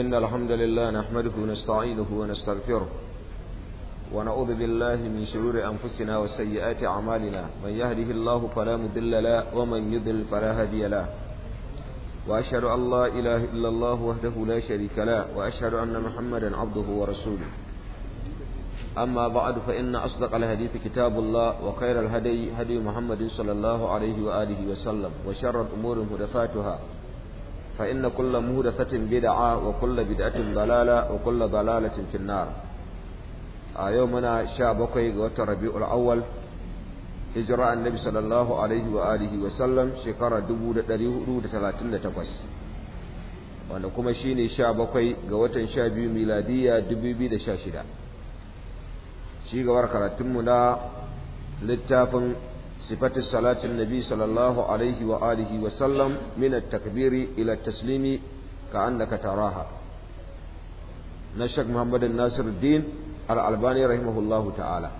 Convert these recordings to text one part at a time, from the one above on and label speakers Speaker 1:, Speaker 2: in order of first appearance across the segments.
Speaker 1: إن الحمد لله نحمده ونستعينه ونستغفره ونعوذ بالله من شرور أنفسنا وسيئات أعمالنا من يهده الله فلا مضل له ومن يضل فلا هادي له وأشهد أن لا إله إلا الله وحده لا شريك له وأشهد أن محمدا عبده ورسوله أما بعد فإن أصدق الحديث كتاب الله وخير الهدي هدي محمد صلى الله عليه وآله وسلم وشر الأمور محدثاتها فإن كل مهدثة بدعة وكل بدعة ضلالة وكل ضلالة في النار يومنا شابكي غوت ربيع الأول هجرة النبي صلى الله عليه وآله وسلم شكرا دبودة دريهود ثلاثين تقوس wanda kuma shi ne sha bakwai ga watan sha biyu miladiya dubu biyu صفة صلاة النبي صلى الله عليه وآله وسلم من التكبير إلى التسليم كأنك تراها نشك محمد الناصر الدين الألباني رحمه الله تعالى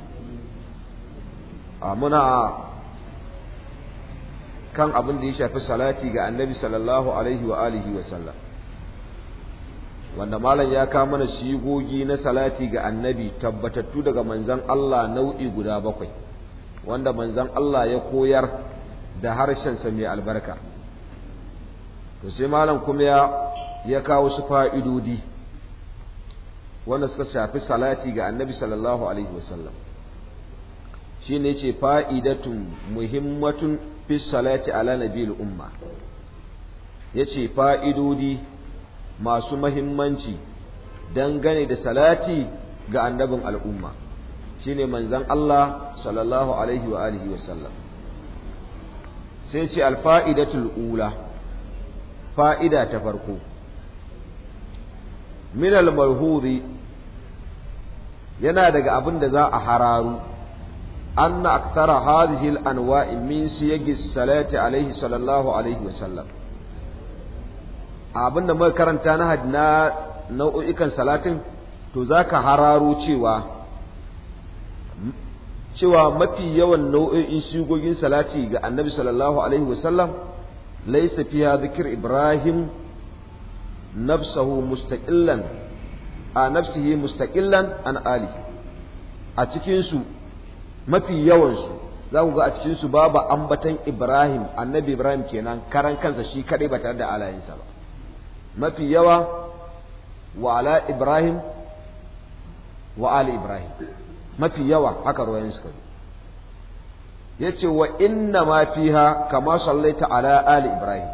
Speaker 1: منا كان أبن دي شاف صلاة النبي صلى الله عليه وآله وسلم wanda malam ya kawo mana shigogi na salati ga annabi tabbatattu daga manzon Allah nau'i guda bakwai wanda manzan Allah ya koyar da harshensa mai albarka to sai malam kuma ya ya kawo su fa'idodi wanda suka shafi salati ga annabi sallallahu alaihi wasallam shi ne ce fa'idatun muhimmatun fi salati ala nabil umma ya ce fa'idodi masu mahimmanci dangane da salati ga annabin al'umma Shi ne manzan Allah sallallahu alaihi wa alihi wa sallam sai ce alfa'idatul ula fa'ida ta farko Minal almarhuri yana daga abin da za a hararu An akthara hadhihi al-anwa'i min siyagi salati alaihi sallallahu alaihi wa sallam abin da muka karanta na na nau'ukan salatin to za ka hararo cewa cewa mafi yawan nau'o'in sigogin salati ga annabi sallallahu alaihi wasallam laysa fiya hadhikr ibrahim nafsahu mustaqillan a nafsihi mustaqillan an ali a cikin su mafi yawan su za ku ga a cikin su babu ambatan ibrahim annabi ibrahim kenan karan kansa shi kadai ba tare da alayinsa ba mafi yawa wa ala ibrahim wa ali ibrahim mafi yawa haka ruwayoyin suka zo yace wa inna ma fiha kama sallaita ala ali ibrahim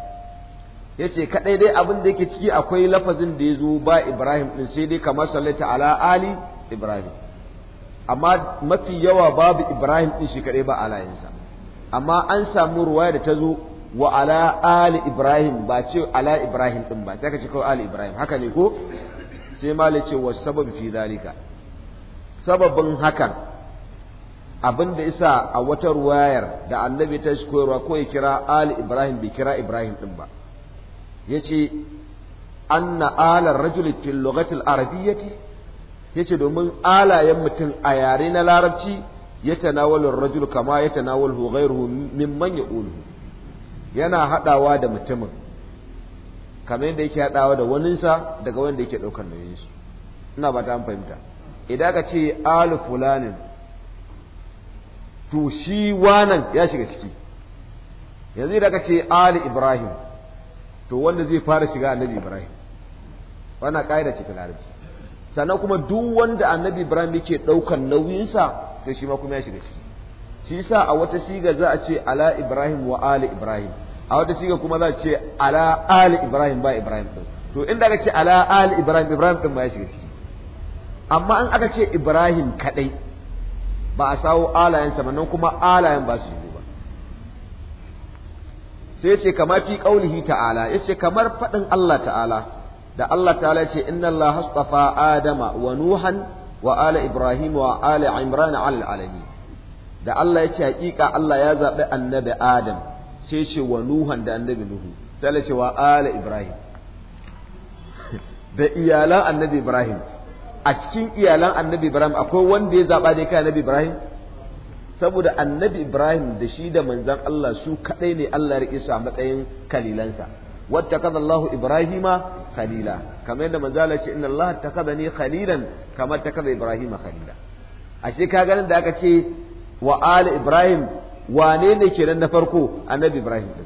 Speaker 1: yace kadai dai abin da yake ciki akwai lafazin da ya zo ba ibrahim din sai dai kama sallaita ala ali ibrahim amma mafi yawa babu ibrahim din shi kadai ba alayinsa? amma an samu ruwaya da ta zo wa ala ali ibrahim ba ce ala ibrahim din ba sai ka ce kawai ali ibrahim haka ne ko sai mala ce wa sabab fi zalika sababin hakan abin da isa a wata ruwayar da annabi ta shi koyarwa ko ya kira ali ibrahim bai kira ibrahim din ba ya ce anna ala rajul fil lughati arabiyyati yace domin alayen mutum a yare na larabci ya tanawalu rajul kama ya tanawalu ghayruhu mimman yaqulu yana haɗawa da mutumin kamar yadda yake haɗawa da waninsa daga wanda yake daukar nauyin shi ina ba ta fahimta idan ka ce alu fulanin to shi wanan ya shiga ciki yanzu idan ka ce ali ibrahim to wanda zai fara shiga annabi ibrahim wannan ƙa'ida ce ta larabci sannan kuma duk wanda annabi ibrahim yake ɗaukar nauyinsa to shi ma kuma ya shiga ciki shi sa a wata siga za a ce ala ibrahim wa ali ibrahim a wata siga kuma za a ce ala ali ibrahim ba ibrahim din to inda ka ce ala ali ibrahim ibrahim din ma ya shiga ciki amma an aka ce ibrahim kadai ba a sawo alayensa ba nan kuma alayen ba su yi ba sai ya ce kamar fi ƙaunihi ta'ala ya ce kamar faɗin Allah ta'ala da Allah ta'ala ya ce inna Allah hastafa adama wa nuhan wa ala ibrahim wa ala imran ala alamin da Allah ya ce haƙiƙa Allah ya zaɓi annabi adam sai ce wa nuhan da annabi nuhu sai ya ce wa ala ibrahim da iyalan annabi ibrahim a cikin iyalan annabi ibrahim akwai wanda ya zaɓa ne kai annabi ibrahim saboda annabi ibrahim da shi da manzan allah su kaɗai ne allah ya isa a matsayin kalilansa wata kaza allahu ibrahima khalila kamar yadda manzan Allah ce inna allah takaza ni khalilan kamar takaza khalila ashe ka ganin da aka ce wa ali ibrahim wane ne kenan na farko annabi ibrahim din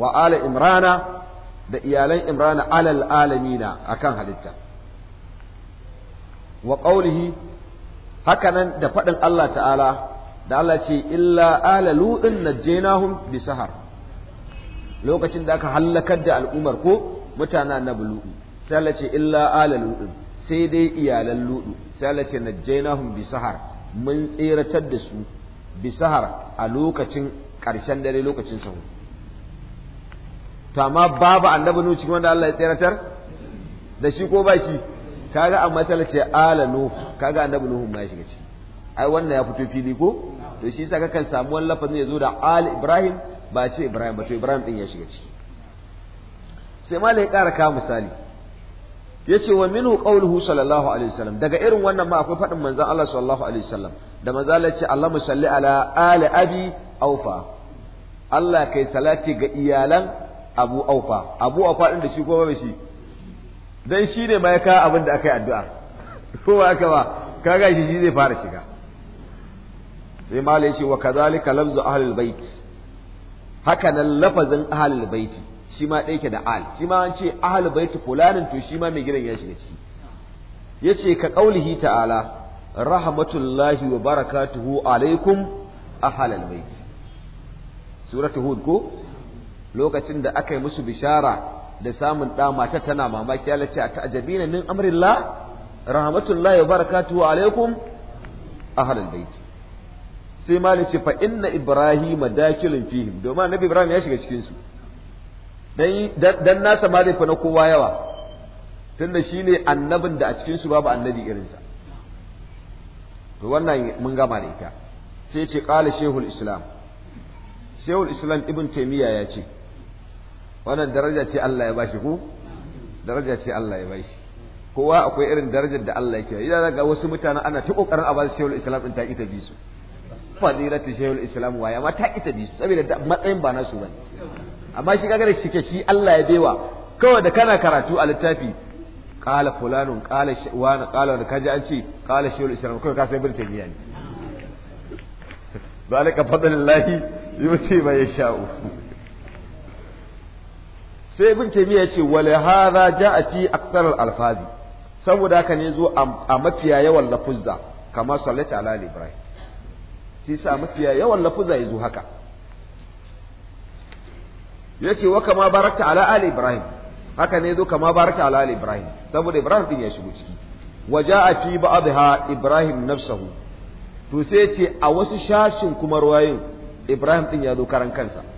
Speaker 1: wa ala imrana da iyalan imrana alal alamina akan halitta wa qawlihi hakanan da faɗin Allah ta'ala da Allah ce illa ala lu'in najjaynahum bi sahar lokacin da aka hallakar da al'umar ko mutana na bulu'i sai Allah ce illa ala lu'in sai dai iyalan lu'u sai Allah ce najjaynahum bi sahar mun tseratar da su bi sahar a lokacin ƙarshen dare lokacin sahu to amma babu annabi cikin wanda Allah ya tseratar da shi ko ba shi kaga A ta ce ala nuhu kaga annabi nuhu ma ya shiga ciki ai wannan ya fito fili ko to shi yasa kakan samu wani lafazin ya zo da al ibrahim ba ce ibrahim ba to ibrahim din ya shiga ciki sai mala ya ƙara kawo misali yace wa minhu qawluhu sallallahu alaihi wasallam daga irin wannan ma akwai faɗin manzon Allah sallallahu alaihi wasallam da manzon Allah ce Allah musalli ala ali abi aufa Allah kai salati ga iyalan Abu Aufa Abu Aufa din da shi ko ba shi dan shi ne ma ya kawo abin da aka yi addu'a ko ba aka ba kaga shi shi zai fara shiga sai malai ce wa kazalika lafzu ahlul bait haka nan lafazin ahlul bait shi ma ɗaya ke da al shi ma an ce ahlul bait fulanin to shi ma mai gidan ya shiga ciki yace ka qaulihi ta'ala rahmatullahi wa barakatuhu alaikum ahlul bait suratu hud ko lokacin da aka yi musu bishara da samun ɗa mata tana mamaki Allah ce a ta'ajabina min amrillah rahmatullahi wa A alaikum ahlal bait sai malik ce fa inna ibrahima dakilun fihim domin annabi ibrahim ya shiga cikin su dan nasa ma zai fa na kowa yawa tunda shine annabin da a cikin su babu annabi irinsa to wannan mun gama da ita sai ce qala shehul islam shehul islam ibn taymiya ya ce wannan daraja ce Allah ya bashi ko daraja ce Allah ya bashi kowa akwai irin darajar da Allah yake idan ga wasu mutanen ana ta kokarin a ba su shehul islam din ta ita bi su fadilatu shehul islam waya ma ta ita bi su saboda matsayin ba nasu bane amma shi kaga da shike shi Allah ya bewa kawai da kana karatu a littafi qala fulanun qala wani qala wani kaji an ce qala shehul islam kawai ka san bin tabiya ne zalika fadlillahi yuti ma yasha'u sai ibn taymiya yace wala hadha ja'a fi aktsar al alfazi saboda haka ne zo a mafiya yawan lafuzza kama sallati ala ibrahim shi sa mafiya yawan lafuzza yazo haka yace wa kama barakta ala ali ibrahim haka ne zo kama barakta ala ali ibrahim saboda ibrahim din ya shigo ciki wa ja'a fi ba'dha ibrahim nafsuhu to sai ce a wasu shashin kuma ruwayin ibrahim din ya zo karan kansa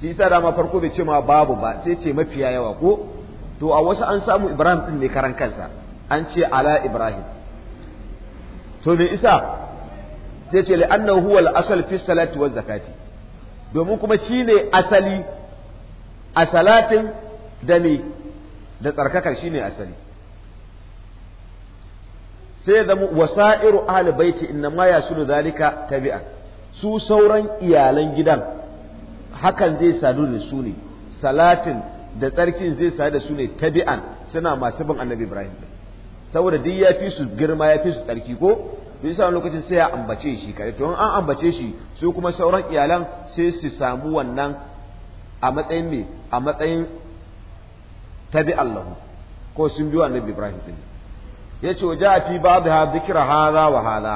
Speaker 1: shi yasa dama farko bai ce ma babu ba sai ce mafiya yawa ko to a wasu an samu Ibrahim din ne karan kansa an ce ala Ibrahim to me isa sai ce li'annahu huwa al-asal fi salati wa zakati domin kuma shine asali a salatin da me da tsarkakar shine asali sai da wasa'iru ahli baiti inna ma yasulu zalika tabi'a. su sauran iyalan gidan hakan zai sadu da su ne salatin da tsarkin zai sadu da su ne tabi'an suna masu bin annabi ibrahim saboda duk ya fi su girma ya fi su tsarki ko to yasa lokacin sai ya ambace shi kare to an ambace shi su kuma sauran iyalan sai su samu wannan a matsayin me a matsayin tabi'an lahu ko sun biyo annabi ibrahim din yace waja fi ha dhikra hadha wa hada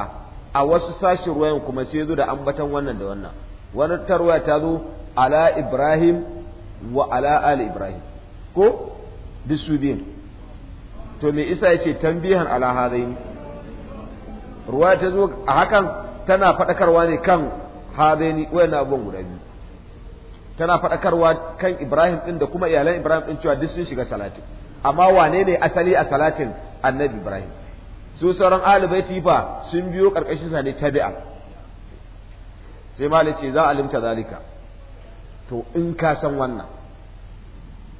Speaker 1: a wasu sashin ruwayan kuma sai zo da ambatan wannan da wannan wani tarwaya ta zo ala ibrahim wa ala ali ibrahim ko duk su biyun to me isa ya ce tambihan ala hadaini ruwa ta zo a hakan tana faɗakarwa ne kan hadaini wayan abubuwan guda biyu tana faɗakarwa kan ibrahim ɗin da kuma iyalan ibrahim ɗin cewa duk sun shiga salatin amma wane ne asali a salatin annabi ibrahim su sauran alibaiti fa sun biyo ƙarƙashin sa ne tabi'a sai malik ce za a limta zalika to in ka san wannan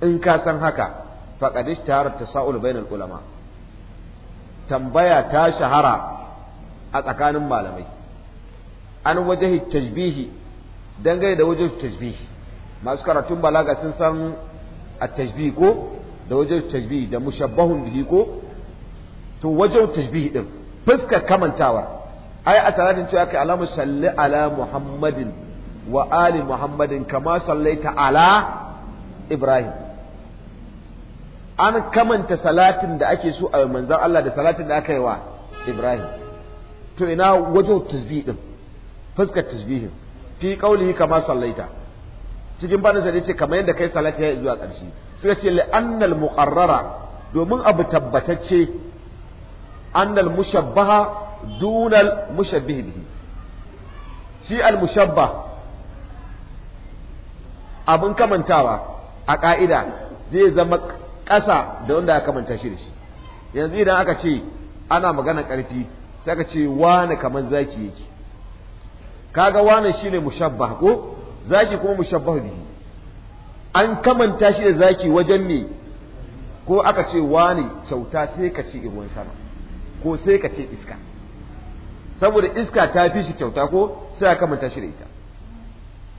Speaker 1: in ka san haka faqad ishtahara tasa'ul bainal ulama tambaya ta shahara a tsakanin malamai an wajahi tajbihi dangane da wajen tajbihi masu karatun balaga sun san a tajbihi ko da wajen tajbihi da mushabbahun bihi ko to wajen tajbihi din fuskar kamantawa, ai a salatin cewa kai alamu salli ala muhammadin wa ali muhammadin kama sallaita ala ibrahim an kamanta salatin da ake so a manzan Allah da salatin da aka yi wa ibrahim to ina wajen tasbih din fuskar tasbihin fi qaulihi kama sallaita cikin bani sai ce kamar yadda kai salati ya zuwa ƙarshe suka ce li'annal muqarrara domin abu tabbatacce annal mushabbaha dunal mushabbih bihi shi al mushabbah abin kamantawa a ƙa'ida zai zama ƙasa da wanda ya kamanta shi da shi yanzu idan aka ce ana magana ƙarfi sai aka ce wane kamar zaki yake kaga wane shine mushabbah ko zaki kuma mushabbah bihi an kamanta shi da zaki wajen ne ko aka ce wane kyauta sai ka ce ruwan sama ko sai ka ce iska saboda iska ta fi shi kyauta ko sai a kamanta shi da ita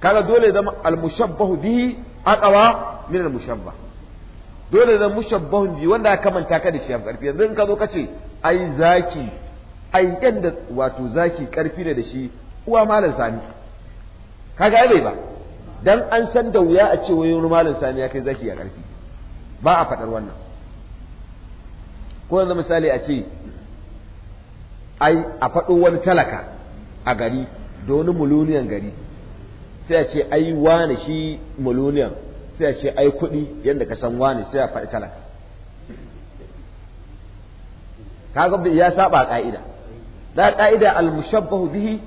Speaker 1: kaga dole zama al-mushabbahu bihi aqwa min al-mushabbah dole zama mushabbahu bihi wanda aka manta ka da shi am karfi yanzu in ka zo ka ce ai zaki ai yanda wato zaki karfi ne da shi uwa malam sani kaga ai bai ba dan an san da wuya a ce wani malam sani ya kai zaki ya karfi ba a fadar wannan ko yanzu misali a ce ai a faɗo wani talaka a gari da wani muluniyan gari sai a ce ai wani shi miloniyan sai a ce ai kuɗi yadda ka san wani sai a faɗi talaka kaga ya saba ka'ida da ka'ida al-mushabbahu bihi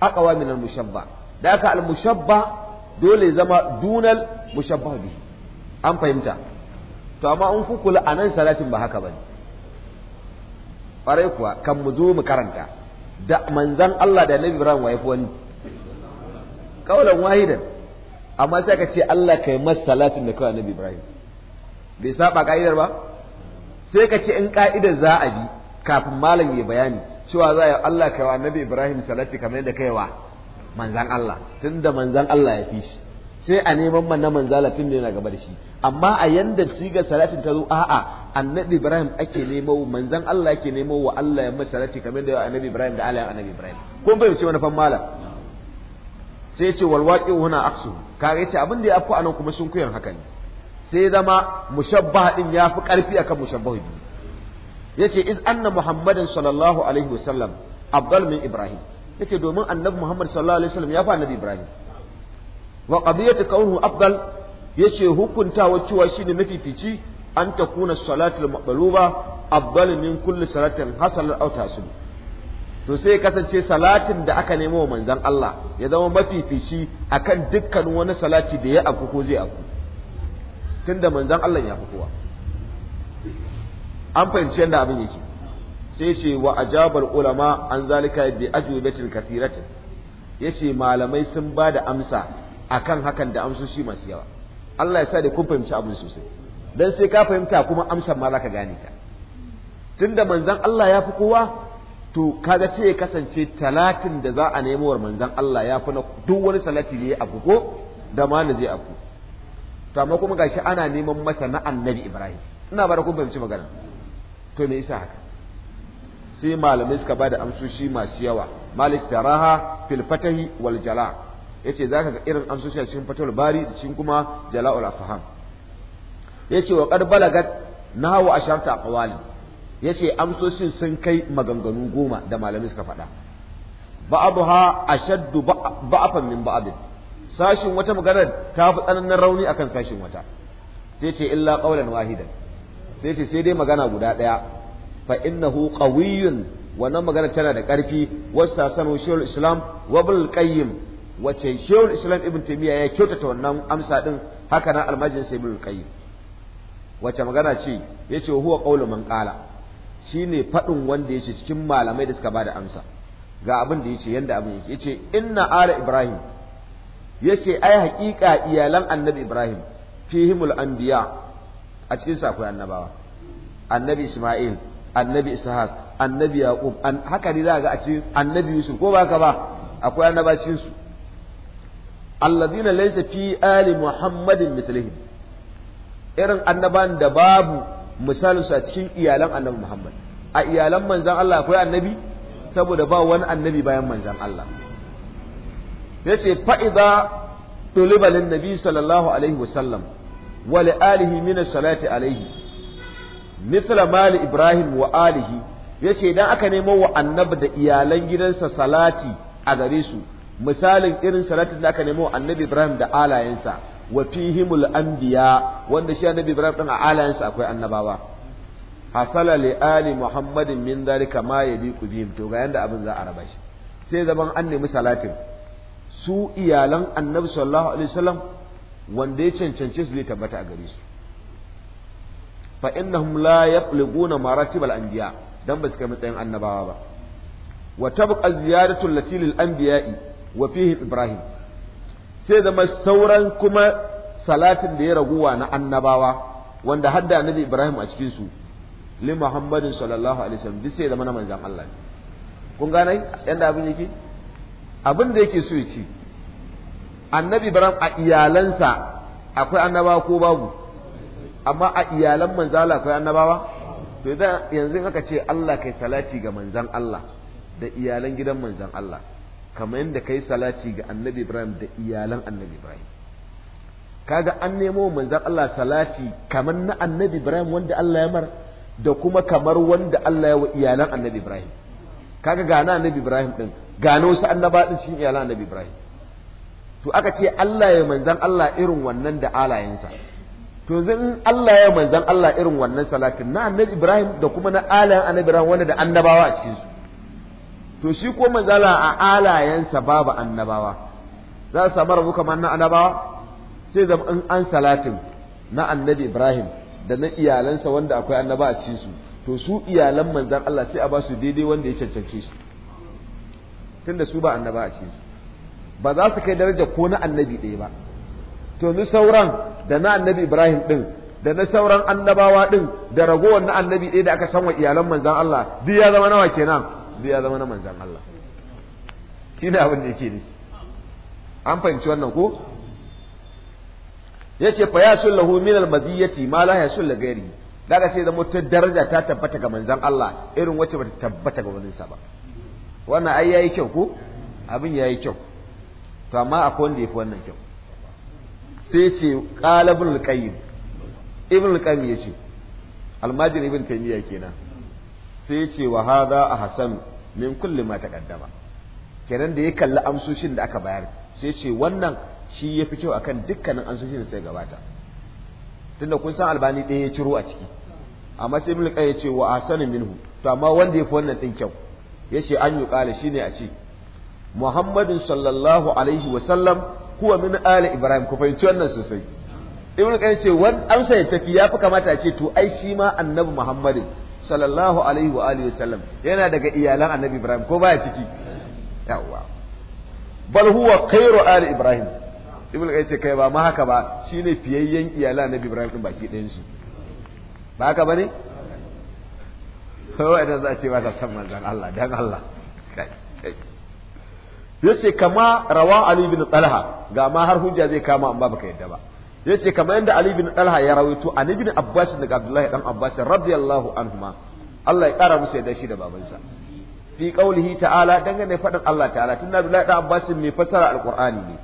Speaker 1: aqwa min al-mushabba da aka al-mushabba dole zama dunal mushabbahu bihi an fahimta to amma in ku kula nan salatin ba haka bane ƙwarai kuwa kan mu zo mu karanta da manzan Allah da Nabi Ibrahim wa yafi wani kaulan wahidan amma sai ka ce Allah kai masa salatin da kawai annabi Ibrahim bai saba ka'idar ba sai ka ce in ka'idar za a bi kafin malam ya bayani cewa za a yi Allah kai wa annabi Ibrahim salati kamar yadda kai wa manzan Allah tun da manzan Allah ya fi shi sai a neman man na manzala tun yana gaba da shi amma a yanda sigar salatin ta zo a'a annabi ibrahim ake nemo manzan Allah ake nemo wa Allah ya masa salati kamar da annabi ibrahim da Allah annabi ibrahim kun fahimci wani fan malam sai ce wal waqi'u huna aqsu kare ce abin da ya afku anan kuma sun kuyan haka ne sai zama mushabbah din ya fi karfi akan mushabbah biyu Ya ce iz anna muhammadin sallallahu alaihi wasallam afdal min ibrahim Ya ce domin annabi muhammad sallallahu alaihi wasallam ya fa annabi ibrahim wa qadiyatu kaunu afdal yace hukuntawa cewa shine mafifici an ta kuna salatul maqluba afdal min kulli salatin hasal aw tasbih to sai kasance salatin da aka nemo manzon Allah ya zama mafifici akan dukkan wani salati da ya aku ko zai aku tunda manzon Allah ya kowa an fahimci yadda abin yake sai ce wa ajabar ulama an zalika bi ajwibatin kathiratin yace malamai sun ba da amsa akan hakan da amsoshi masu yawa Allah ya sa da kun fahimci abin sosai dan sai ka fahimta kuma amsan ma zaka gane ta tunda manzon Allah ya fi kowa to kaga sai ya kasance talatin da za a nemo wa manzan Allah ya fi na duk wani salati ne a ko da ma na je abu to amma kuma gashi ana neman masa na annabi Ibrahim ina ba da kun fahimci magana to me yasa haka sai malamai suka bada amsoshi masu yawa malik taraha fil fatahi wal jala yace zaka ga irin amsoshi a cikin fatul bari da cikin kuma jala'ul afham yace wa qad balagat nahwa asharta qawali ya ce amsoshin sun kai maganganu goma da malamai suka faɗa ba'abuha ashaddu ba'afan min ba'abin sashin wata magana ta fi tsananin rauni akan sashin wata sai ce illa ƙaunar wahidan sai ce sai dai magana guda ɗaya fa innahu qawiyyun wannan magana tana da ƙarfi wasa sanu shaykhul islam wa bil qayyim wace shaykhul islam ibn taymiya ya kyautata wannan amsa din haka nan almajin sai ibn qayyim wace magana ce yace huwa ƙaunar man qala Shi ne faɗin wanda ya ce cikin malamai da suka ba da amsa ga abin da ya ce yadda abin yake ce. inna ala ibrahim Ya ce ai haƙiƙa iyalan annabi ibrahim fihimul anbiya a cikin sa akwai annabawa annabi isma'il annabi ishaq annabi yaqub haka ne za ga a cikin annabi yusuf ko ba ka ba akwai annabacin su alladina laysa fi ali muhammadin mithlihim irin annaban da babu misalin su a cikin iyalan annabi Muhammad a iyalan manzan Allah akwai annabi saboda ba wani annabi bayan manzan Allah yace fa idza tuliba lin nabi sallallahu alaihi wasallam wa li alihi mina salati alaihi mithla mali ibrahim wa alihi yace idan aka nemo wa annabi da iyalan gidansa salati a gare su misalin irin salatin da aka nemo annabi ibrahim da alayensa wa fihimul anbiya wanda shi annabi Ibrahim din a alayansa akwai annabawa hasala li ali muhammadin min zalika ma yadiqu bihim to ga yanda abin za a raba shi sai zaman an nemi salatin su iyalan annabi sallallahu alaihi wasallam wanda ya cancance su zai tabbata a gare su fa innahum la yablighuna maratibal anbiya dan ba su kai matsayin annabawa ba wa tabqa ziyadatu allati lil anbiya'i wa fihi ibrahim sai zama sauran kuma salatin da ya raguwa na annabawa wanda hadda annabi Ibrahim a cikinsu li Muhammadin sallallahu alaihi wasallam duk sai zama na manzan Allah kun gane yanda abin yake abin da yake so ya ce annabi Ibrahim a iyalansa akwai annabawa ko babu amma a iyalan manzan Allah akwai annabawa to idan yanzu aka ce Allah kai salati ga manzan Allah da iyalan gidan manzan Allah kamar yadda yi salati ga annabi ibrahim da iyalan annabi ibrahim kaga an nemo manzan Allah salati kamar na annabi ibrahim wanda Allah ya mar da kuma kamar wanda Allah ya wa iyalan annabi ibrahim kaga gana annabi ibrahim din gano wasu annaba din cikin iyalan annabi ibrahim to aka ce Allah ya manzan Allah irin wannan da alayensa to zan Allah ya manzan Allah irin wannan salatin na annabi Ibrahim da kuma na alayen annabi Ibrahim wanda da annabawa a cikin su to shi ko manzala a alayensa babu annabawa za a samu rabu kamar na annabawa sai zama in an salatin na annabi ibrahim da na iyalansa wanda akwai annaba a cikin su to su iyalan manzan Allah sai a ba su daidai wanda ya cancanci shi tunda su ba annaba a cikin su ba za su kai daraja ko na annabi ɗaya ba to ni sauran da na annabi ibrahim ɗin da na sauran annabawa ɗin da ragowar na annabi ɗaya da aka san wa iyalan manzan Allah duk ya zama nawa kenan zai ya zama na manzan Allah shi ne abin da yake da shi an fahimci wannan ko yace fa ya sullahu min al-madiyati ma la yasul ghairi daga sai da mutar daraja ta tabbata ga manzan Allah irin wacce bata tabbata ga wani ba wannan ai yayi kyau ko abin yayi kyau to amma akwai wanda yafi wannan kyau sai ce qala ibn al-qayyim ibn al-qayyim yace almajin ibn taymiya kenan sai ce wa a hasan min kulli ma taqaddama kenan da ya kalli amsoshin da aka bayar sai ce wannan shi ya fi kyau akan dukkanin amsoshin da sai gabata tunda kun san albani ɗaya ya ciro a ciki amma sai mulk ya ce wa hasan minhu to amma wanda ya fi wannan din kyau yace an yi qala shine a ce muhammadin sallallahu alaihi wa sallam huwa min ali ibrahim ku fahimci wannan sosai ibn qayyim ce wan amsa ya tafi ya fi kamata a ce to ai shi ma annabi muhammadin sallallahu alaihi wa alihi wasallam yana daga iyalan annabi ibrahim ko baya ciki yawa bal huwa khairu ali ibrahim ibnu kai ce kai ba ma haka ba shine fiyayyen iyalan annabi ibrahim din baki ɗayan su ba haka bane kawai idan za a ce ba ta san manzon Allah dan Allah yace kama rawa ali bin talha ga ma har hujja zai kama amma baka yadda ba yace kamar yadda Ali bin Talha ya rawaito an ibn Abbas daga Abdullahi dan Abbas radiyallahu anhuma Allah ya kara musu yadda shi da babansa fi qaulihi ta'ala dangane faɗin Allah ta'ala tun da Abdullahi dan Abbas mai fassara alqur'ani ne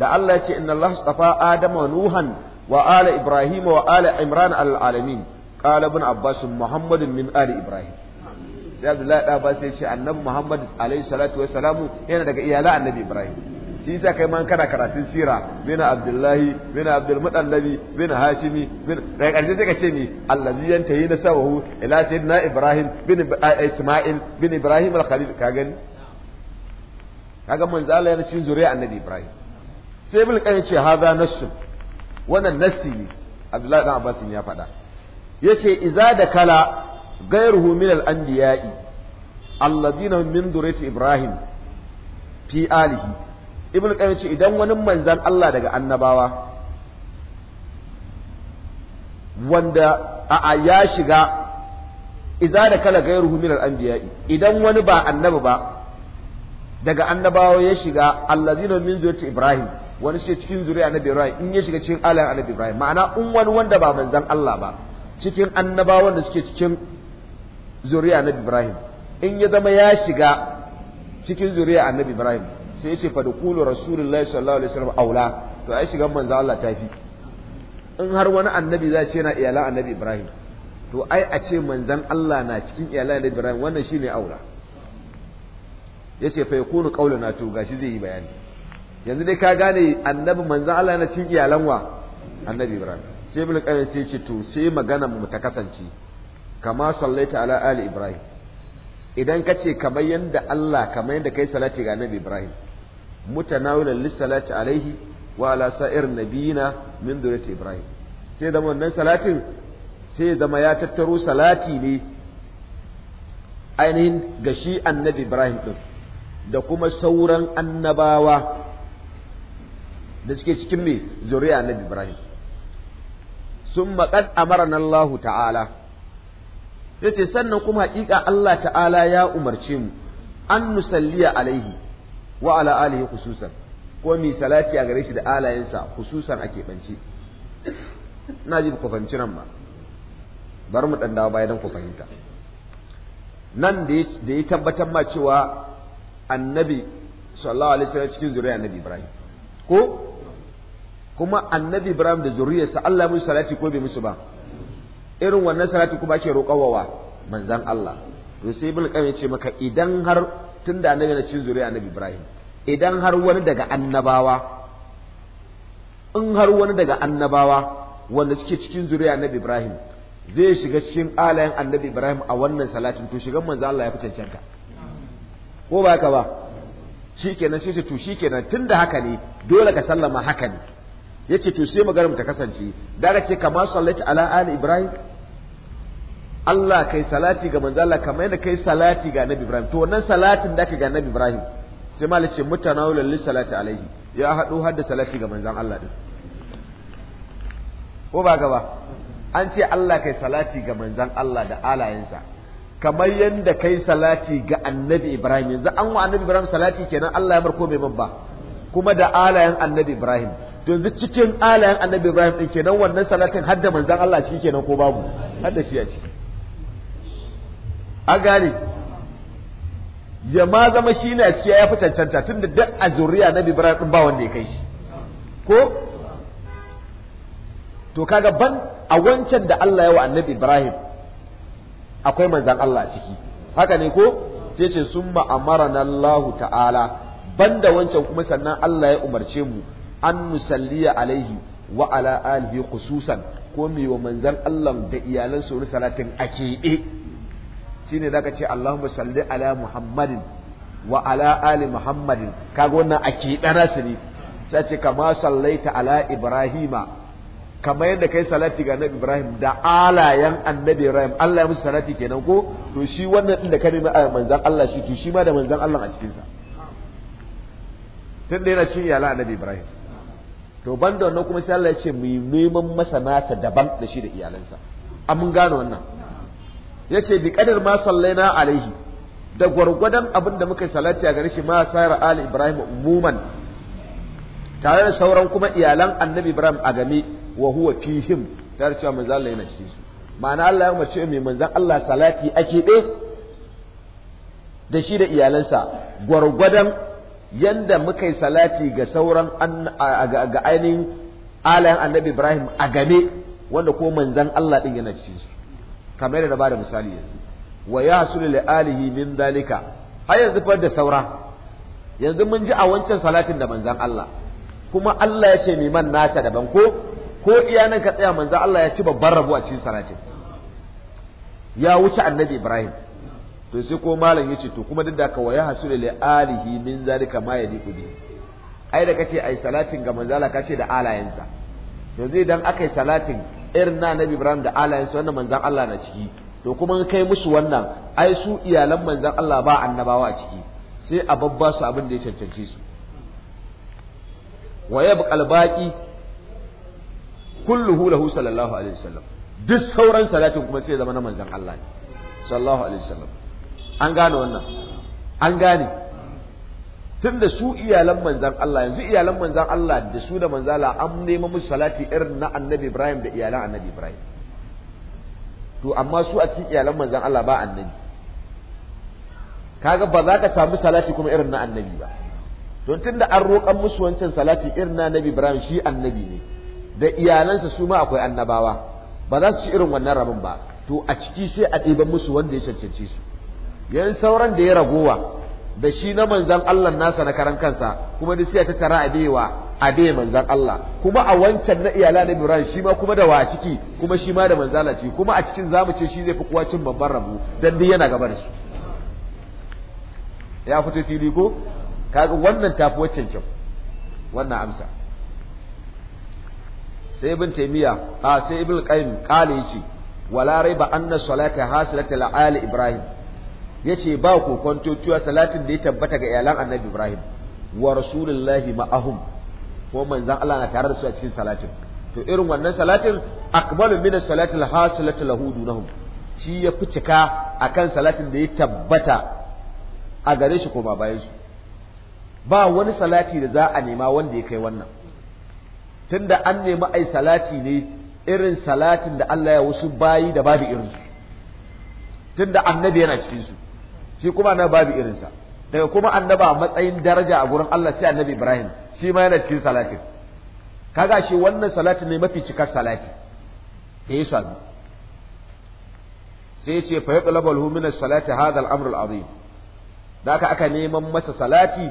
Speaker 1: da Allah ya ce inna Allah astafa Adama Nuhan wa ala Ibrahim wa ala Imran al alamin qala ibn Abbas Muhammadun min ali Ibrahim sai Abdullahi dan Abbas ya ce annabi Muhammad alaihi salatu wa salamu yana daga iyalan annabi Ibrahim shi yasa kai man kana karatun sira bin abdullahi bin abdul mutallabi bin hashimi bin daga karshe sai ka ce ni allazi yantahi nasahu ila sayyidina ibrahim bin isma'il bin ibrahim al-khalil ka gani kaga manzo Allah yana cikin zuriya annabi ibrahim sai bil kan ce hadha nassun wannan nassi ne abdullahi dan abbas ya faɗa yace iza da kala gairuhu min al-anbiya'i alladhina min dhurriyyati ibrahim fi alihi ibnu qayyim ce idan wani manzan Allah daga annabawa wanda a ya shiga idza da kala gairuhu min al-anbiya idan wani ba annabi ba daga annabawa ya shiga allazina min zuriyati ibrahim wani ce cikin zuriya na ibrahim in ya shiga cikin alayan annabi ibrahim ma'ana in wani wanda ba manzan Allah ba cikin annabawan da suke cikin zuriya na ibrahim in ya zama ya shiga cikin zuriya annabi ibrahim sai ce fa dukulu rasulullahi sallallahu alaihi wasallam aula to ai shigan manzo Allah tafi in har wani annabi za ce na iyalan annabi Ibrahim to ai a ce manzan Allah na cikin iyalan annabi Ibrahim wannan shine aula yace fa yakunu qauluna to gashi zai yi bayani yanzu dai ka gane annabi manzan Allah na cikin iyalan wa annabi Ibrahim sai bil qayyim sai ce to sai magana mu ta kasance kama sallaita ala ali Ibrahim idan ka ce kamar yadda Allah kamar yadda kai salati ga Annabi Ibrahim mutanawilan lissalati alaihi wa ala sa'ir nabiyina min zuriyati ibrahim sai zama wannan salatin sai zama ya tattaro salati ne ainihin ga shi annabi ibrahim din da kuma sauran annabawa da suke cikin mai zuriya annabi ibrahim sun maƙad amaran Allah ta'ala ya ce sannan kuma haƙiƙa Allah ta'ala ya umarce mu an nusalliya alaihi wa ala alihi khususan ko mi salati a gare shi da alayensa khususan ake banci na ji ku fahimci nan ba bar mu dan dawo bayan ku fahimta nan da ya tabbatar ma cewa annabi sallallahu alaihi wasallam cikin zuriya annabi Ibrahim ko kuma annabi Ibrahim da zuriyarsa Allah ya musu salati ko bai musu ba irin wannan salati kuma ake roƙawa manzan Allah to sai bil ce maka idan har tun da annabi na cin zuriya annabi Ibrahim idan har wani daga annabawa in har wani daga annabawa wanda suke cikin zuriya annabi Ibrahim zai shiga cikin alayen annabi Ibrahim a wannan salatin to shigan manzo Allah ya fi cancanta ko ba ka ba shikenan sai to shikenan da haka ne dole ka sallama haka ne yace to sai maganar ta kasance daga ce kamar sallati ala ali Ibrahim Allah kai salati ga manzo Allah kamar yadda kai salati ga Nabi Ibrahim to wannan salatin da aka ga Nabi Ibrahim sai malai ce mutanawilul lis salati alaihi ya har hadda salati ga manzo Allah din ko ba gaba an ce Allah kai salati ga manzo Allah da alayensa kamar yadda kai salati ga Annabi Ibrahim yanzu an wa Annabi Ibrahim salati kenan Allah ya barko mai babba kuma da alayen Annabi Ibrahim to yanzu cikin alayen Annabi Ibrahim din kenan wannan salatin da manzo Allah shi kenan ko babu da shi a ce an gane ya zama shi ne a ciki ya fi cancanta tun da duk a zuriya na bibira ɗin ba wanda ya kai shi ko to kaga ban a wancan da Allah ya wa annabi Ibrahim akwai manzan Allah a ciki haka ne ko ce ce sun ma'amara na Allah ta'ala ban da wancan kuma sannan Allah ya umarce mu an musalliya alaihi wa ala alihi khususan ko mai wa manzan Allah da iyalansa wani salatin a keɓe shine zaka ce Allahumma salli ala Muhammadin wa ala ali Muhammadin kaga wannan akida su ne sai ce kama sallaita ala Ibrahima kama yadda kai salati ga Nabi Ibrahim da alayan Annabi Ibrahim Allah ya musu salati kenan ko to shi wannan din da kare mai manzan Allah shi to shi ma da manzan Allah a cikin sa da yana cin yala Annabi Ibrahim to ban da wannan kuma sai Allah ya ce mu neman masa nasa daban da shi da iyalansa an mun gane wannan yace bi kadar ma na alaihi da gwargwadon abin da muka yi salati a gare shi ma sayar ali ibrahim umuman tare da sauran kuma iyalan annabi ibrahim a game wa huwa fihim tare cewa manzo Allah yana cikin su ma'ana Allah ya mace mai manzon Allah salati a keɓe da shi da iyalansa gwargwadon yanda muka yi salati ga sauran ga ainihin alayan annabi ibrahim a game wanda ko manzon Allah din yana cikin su kamar da bada misali yanzu wa yahsul li alihi min dalika har yanzu fa da saura yanzu mun ji a wancan salatin da manzon Allah kuma Allah ya ce man nasa daban ko ko iya nan ka tsaya manzon Allah ya ci babban rabo a cikin salatin ya wuce annabi Ibrahim to sai ko malam yace to kuma duk da ka wa yahsul li alihi min dalika ma yadi kudi ai da kace ai salatin ga manzon Allah kace da alayensa yanzu idan aka yi salatin irin na Nabi Ibrahim da alayensu wannan manzan Allah na ciki to kuma kai musu wannan ai su iyalan manzan Allah ba annabawa a ciki sai a babba su abin da ya cancanci su wa ya al baƙi kullu lahu sallallahu alaihi wasallam duk sauran salatin kuma sai zama na manzan Allah ne sallallahu alaihi wasallam an gane wannan an gane tun da su iyalan manzan Allah yanzu iyalan manzan Allah da su da manzala an nema musu salati irin na annabi Ibrahim da iyalan annabi Ibrahim to amma su a cikin iyalan manzan Allah ba annabi kaga ba za ka samu salati kuma irin na annabi ba tun da an roƙan musu wancan salati irin na annabi Ibrahim shi annabi ne da iyalansa su ma akwai annabawa ba za su ci irin wannan rabin ba to a ciki sai a ɗiban musu wanda ya cancanci su yan sauran da ya ragowa da shi na manzan Allah nasa na karan kansa kuma duk sai ta tara a wa a bai manzan Allah kuma a wancan na iyala na Ibrahim shi ma kuma da wa ciki kuma shi ma da manzala ci. kuma a cikin zamu ce shi zai fi kowa cin babban rabu dan duk yana gaba shi ya fito fili ko kaga wannan tafi waccan kyau wannan amsa sai ibn taymiya a sai ibn qayyim qala yace wala raiba anna salata hasilata li ali ibrahim yace ba ku cewa salatin da ya tabbata ga iyalan annabi Ibrahim wa rasulullahi ma'ahum ko manzan Allah na tare da su a cikin salatin to irin wannan salatin akmalu min as-salati al-hasilati lahu dunahum shi ya fi cika akan salatin da ya tabbata a gare shi ko ba shi ba wani salati da za a nema wanda ya kai wannan tunda an nemi ai salati ne irin salatin da Allah ya wasu bayi da babu irinsu tunda annabi yana cikin su shi kuma annabi babu irinsa daga kuma annabi a matsayin daraja a gurin Allah sai annabi Ibrahim shi ma yana cikin salatin kaga shi wannan salati ne mafi cikar salati da ya sami sai ya ce fa yatlabu lahu min as-salati hadha al-amr al-azim da aka aka neman masa salati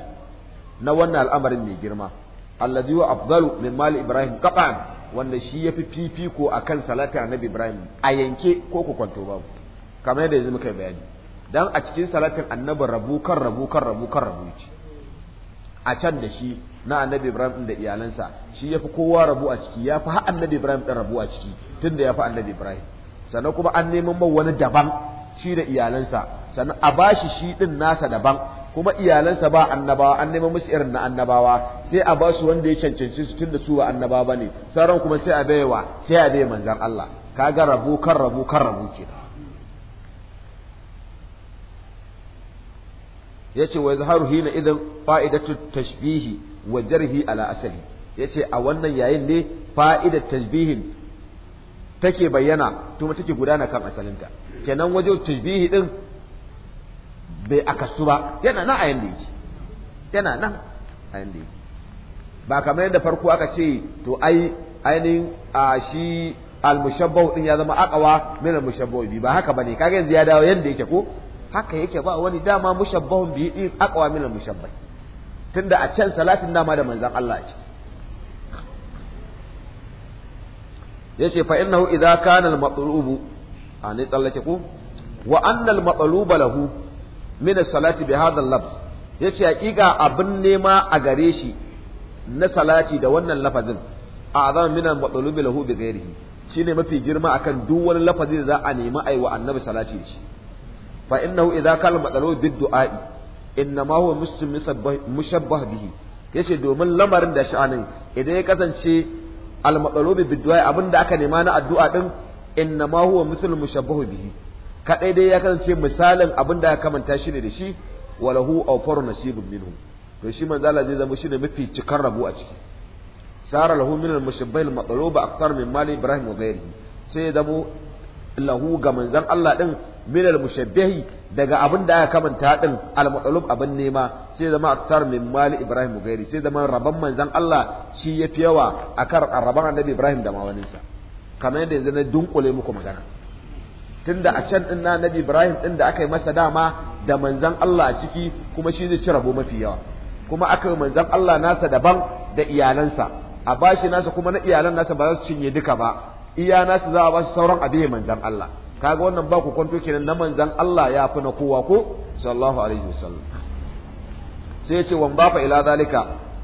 Speaker 1: na wannan al'amarin mai girma alladhi wa afdalu min mal ibrahim qatan wanda shi yafi fifiko akan salati annabi ibrahim a yanke ko ku kwanto babu kamar yadda yanzu muka bayani dan a cikin salatin annabi rabu kan rabu kan rabu kan rabu ce a can da shi na annabi ibrahim da iyalansa shi yafi kowa rabu a ciki yafi har annabi ibrahim din rabu a ciki tunda yafi annabi ibrahim sannan kuma an neman ba wani daban shi da iyalansa sannan a bashi shi din nasa daban kuma iyalansa ba annabawa an neman musu irin na annabawa sai a basu wanda ya cancanci su tunda su ba annabawa ne sauran kuma sai a baiwa sai a bai manzan Allah kaga rabu kan rabu kan rabu kenan yace wa yazharu hina idan fa'idatu tashbihi wa jarhi ala asali yace a wannan yayin ne fa'idar tashbihin take bayyana kuma take gudana kan asalinta kenan wajen tashbihi din bai akasu ba yana nan a yanda yake yana nan a yanda yake ba kamar yadda farko aka ce to ai ainihin a shi al almushabbahu din ya zama akawa min al-mushabbahu bi ba haka bane kaga yanzu ya dawo yanda yake ko haka yake ba wani dama mushabbahun bihi din aqwa min al-mushabbah tunda a can salatin dama da manzon Allah ce yace fa innahu idza kana al-matlubu a ne tsallake ku wa anna al-matluba lahu min as-salati bi hadha al-lafz yace hakika abin nema a gare shi na salati da wannan lafazin a'zam min al-matlubi lahu bi ghairihi shine mafi girma akan duk wani lafazi da za a nemi yi wa annabi salati shi fa innahu idza kal matsalu bid du'a'i innama huwa muslim bihi yace domin lamarin da sha'anin idan ya kasance al matsalu bid abinda aka nema na addu'a din innama huwa muslim mushabbah bihi kadai dai ya kasance misalin abinda ya kamanta shi ne da shi walahu awfaru nasibun minhu to shi manzo Allah zai zama ne mafi cikar rabu a ciki sara lahu min al mushabbah akthar min mali ibrahim wa ghairihi sai ya zamo lahu ga manzon Allah din minal mushabbihi daga abin da aka kamanta din al-mutalub abin nema sai zama aktar min mali Ibrahim gairi sai zama rabon manzon Allah shi yafi yawa akan rabon Annabi Ibrahim da mawaninsa kamar yadda yanzu na dunkule muku magana tunda a can din na Annabi Ibrahim din da aka yi masa dama da manzan Allah a ciki kuma shi zai ci rabo mafi yawa kuma aka yi manzon Allah nasa daban da iyalansa a bashi nasa kuma na iyalan nasa ba za su cinye duka ba iya nasu za a ba su sauran abin manzan Allah kaga wannan ba ku kwanto kenan na manzan Allah ya fi na kowa ko sallallahu alaihi wasallam sai ya ce wan bafa ila zalika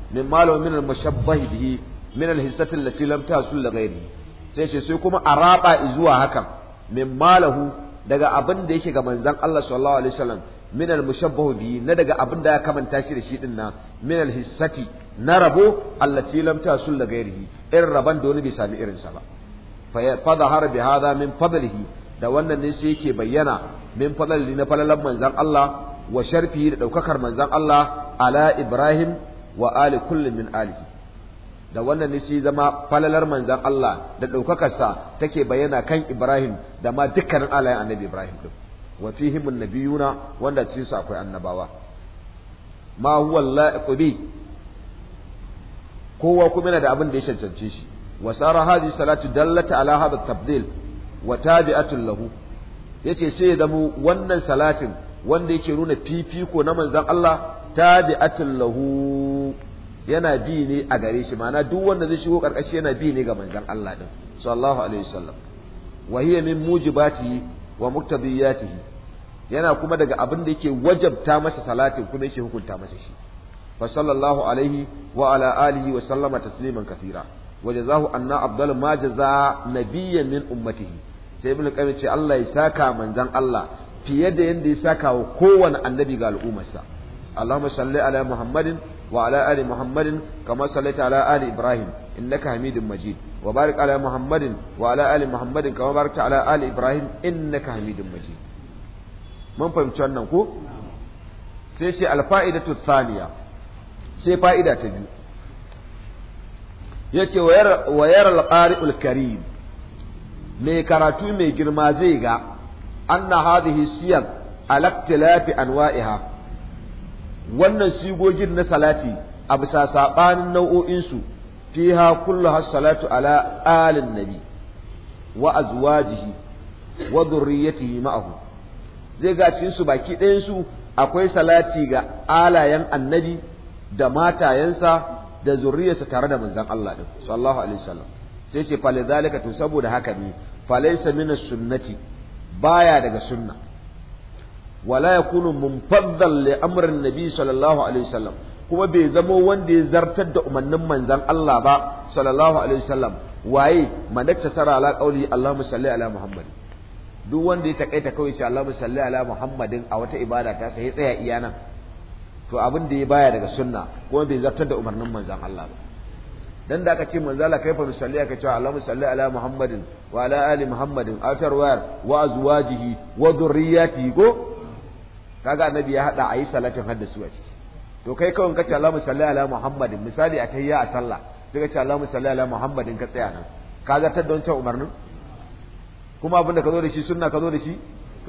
Speaker 1: min malum min al mushabbahi bihi min al hissati allati lam tasul la ghairi sai ce sai kuma araba zuwa hakan min malahu daga abin da yake ga manzan Allah sallallahu alaihi wasallam min al mushabbahu bihi na daga abin da ya kamanta shi da shi din nan min al hissati na rabo allati lam tasul la ghairi in raban da wani bai sami irinsa ba fa zahara bi hadha min fadlihi da wannan ne sai yake bayyana min fadlihi na falalan manzon Allah wa sharfi da daukakar manzon Allah ala Ibrahim wa ali kullin min alihi da wannan ne sai zama falalar manzon Allah da daukakarsa take bayyana kan Ibrahim da ma dukkanin alayen annabi Ibrahim din wa fihim annabiyuna wanda cikin akwai annabawa ma huwa la'iqbi kowa kuma yana da abin da ya cancance shi wa sara salatu dallata ala hadha tabdil wa tabi'atun lahu yace sai ya zamo wannan salatin wanda yake nuna fifiko na manzon Allah tabi'atun lahu yana bi ne a gare shi ma'ana duk wanda zai shigo karkashi yana bi ne ga manzon Allah din sallallahu alaihi wasallam wa hiya min mujibatihi wa muqtadiyatihi yana kuma daga abin da yake wajabta masa salatin kuma yake hukunta masa shi fa sallallahu alaihi wa ala alihi wa sallama tasliman kathira wa jazahu annan afdal ma jaza nabiyyan min ummatihi sai ibnu ce Allah ya saka manzon Allah fiye da yadda ya saka wa kowane annabi ga al'ummarsa Allahumma salli ala Muhammadin wa ali Muhammadin kama sallaita ala ali Ibrahim innaka Hamidum Majid wa barik ala Muhammadin wa ali Muhammadin kama barakta ala ali Ibrahim innaka Hamidum Majid mun fahimci wannan sai sai fa'ida ta biyu yace wa yaral qari'ul karim mai karatu mai girma zai ga anna hadhihi siyaq ala ikhtilafi anwa'iha wannan sigogin na salati a bisa sabanin nau'o'in su fiha kulluha salatu ala alin nabi wa azwajihi wa dhurriyyatihi ma'ahu zai ga cikin su baki ɗayan su akwai salati ga alayen annabi da matayensa da zurriyarsa tare da manzon Allah din sallallahu alaihi wasallam sai ce zalika to saboda haka ne falaysa min sunnati baya daga sunna wala yakunu munfaddal li amrin nabi sallallahu alaihi wasallam kuma bai zamo wanda ya zartar da umarnin manzon Allah ba sallallahu alaihi wasallam waye manakta sara ala qauli Allahumma salli ala Muhammad duk wanda ya takaita kawai ce Allahumma salli ala Muhammadin a wata ibada ta sai ya tsaya iyana. nan to abin da ya baya daga sunna kuma bai zartar da umarnin manzan Allah ba dan da aka ce manzo Allah fa musalli aka ce Allahu salli ala Muhammadin wa ala ali Muhammadin atar wayar wa azwajihi wa dhurriyyatihi go kaga annabi ya hada ayi salatin haddasu a ciki to kai kawai ka ce Allahumma salli ala Muhammadin misali a ya a sallah sai ka ce Allahumma salli ala Muhammadin ka tsaya nan ka zartar da wancan umarnin kuma abin da ka zo da shi sunna ka zo da shi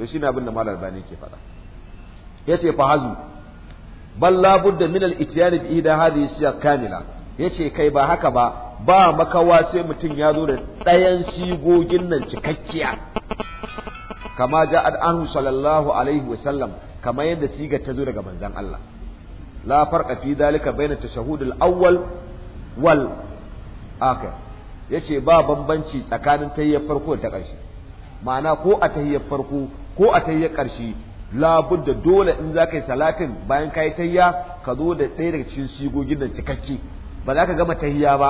Speaker 1: to shine abin da malar bani ke faɗa yace fa hazu bal la budda min al-ityan bi ida hadhihi siyaq kamila yace kai ba haka ba ba makawa sai mutum ya zo da ɗayan sigogin nan cikakkiya kama ja'ad anhu sallallahu alaihi wa sallam kama yadda sigar ta zo daga manzan Allah la farqa fi dalika baina tashahhud al-awwal wal akhir yace ba bambanci tsakanin tahiyyar farko da ta ƙarshe ma'ana ko a tahiyyar farko ko a tahiyyar ƙarshe labudda dole in za ka yi salatin bayan ka yi tayya ka zo da ɗaya daga cikin shigogin da cikakke ba za ka gama tahiya ba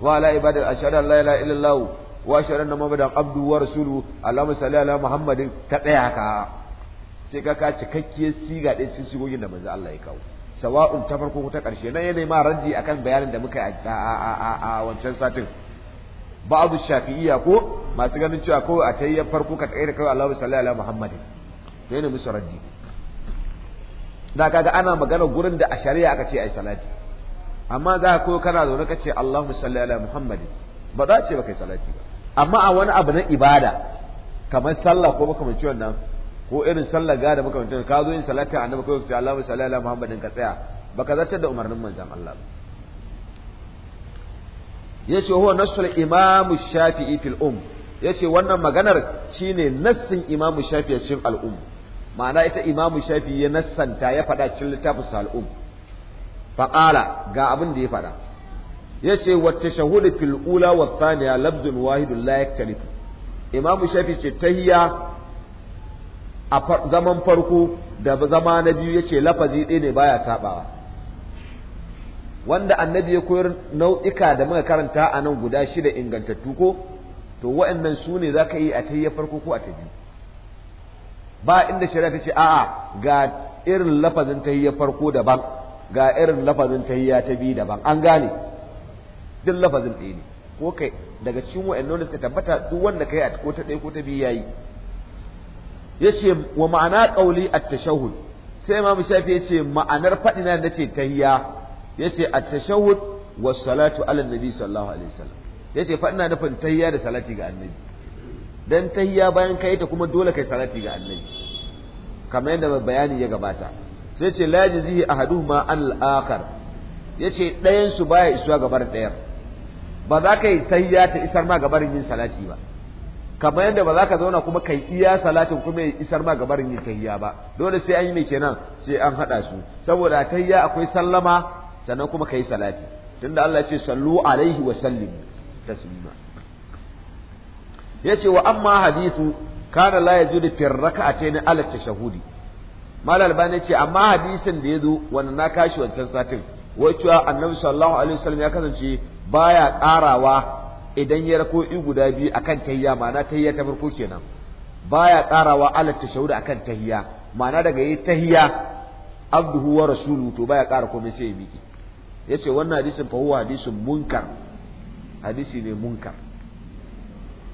Speaker 1: wa la ibada ashhadu an la ilaha illallah wa ashhadu anna muhammadan Abdu wa rasuluhu allahumma salli ala muhammadin ta tsaya ka sai ka ka cikakkiyar siga ɗaya cikin shigogin da manzo Allah ya kawo sawa'un ta farko ko ta ƙarshe nan yana ma raji akan bayanin da muka yi a wancan satin babu shafi'iyya ko masu ganin cewa ko a tayyar farko ka tsaya da kawai allahumma salli ala muhammadin to yana musu raddi da kaga ana magana gurin da a shari'a aka ce ai salati amma za ka koyo kana zaune ka ce Allahumma salli ala Muhammadin ba za ce ba kai salati ba amma a wani abu na ibada kamar sallah ko makamancin wannan ko irin sallah ga da makamancin ka zo yin salati annabi kai ce Allahumma salli ala Muhammadin ka tsaya baka zartar da umarnin manzon Allah ba yace huwa nasul imam shafi'i fil um yace wannan maganar shine nassin imam shafi'i cikin al'umma ma'ana ita imamu shafi ya nassanta ya faɗa cikin littafin sal'um faƙala ga abin da ya faɗa ya ce wata shahudu fil ula wa thaniya labdun wahidun la yaktalifu imamu shafi ce tahiya a zaman farko da zama na biyu ya ce lafazi ɗaya ne baya saɓawa wanda annabi ya koyar nau'ika da muka karanta a nan guda shida ingantattu ko to wa'annan su ne za ka yi a tahiya farko ko a ta biyu ba inda shari'a ta ce a'a ga irin lafazin tahiyya farko daban ga irin lafazin tahiyya ta biyu daban an gane duk lafazin ɗaya ne ko kai daga cikin wa'in da suka tabbata duk wanda kai a ko ta ɗaya ko ta biyu yayi ce wa ma'ana ƙauli a tashahud sai mu shafi ce ma'anar faɗi na nace tahiyya ce a tashahud wa salatu ala nabi sallallahu alaihi wasallam ce faɗi na nufin tahiyya da salati ga annabi dan tahiya bayan kai ta kuma dole kai salati ga annabi kamar yadda bayani ya gabata sai ce la yajizi ahaduhuma al akhar yace dayan su baya isuwa gabar dayar ba za ka yi tahiya ta isar ma gabarin yin salati ba kamar yadda ba za ka zauna kuma kai iya salatin kuma ya isar ma gabarin yin tahiya ba dole sai an yi mai kenan sai an haɗa su saboda tahiya akwai sallama sannan kuma kai salati tunda Allah ya ce sallu alaihi wa sallim taslima yace wa amma hadithu kana la yajudu fi rak'atayn ala tashahudi mal albani yace amma hadisin da yazo wannan na kashi wancan satin wai cewa annabi sallallahu alaihi wasallam ya kasance baya karawa idan ya rako i guda biyu akan tahiyya ma'ana tahiyya ta farko kenan baya karawa ala tashahudi akan tahiyya ma'ana daga yi tahiyya abduhu wa rasuluhu to baya kara komai sai ya miki yace wannan hadisin fa huwa hadisin munkar hadisi ne munkar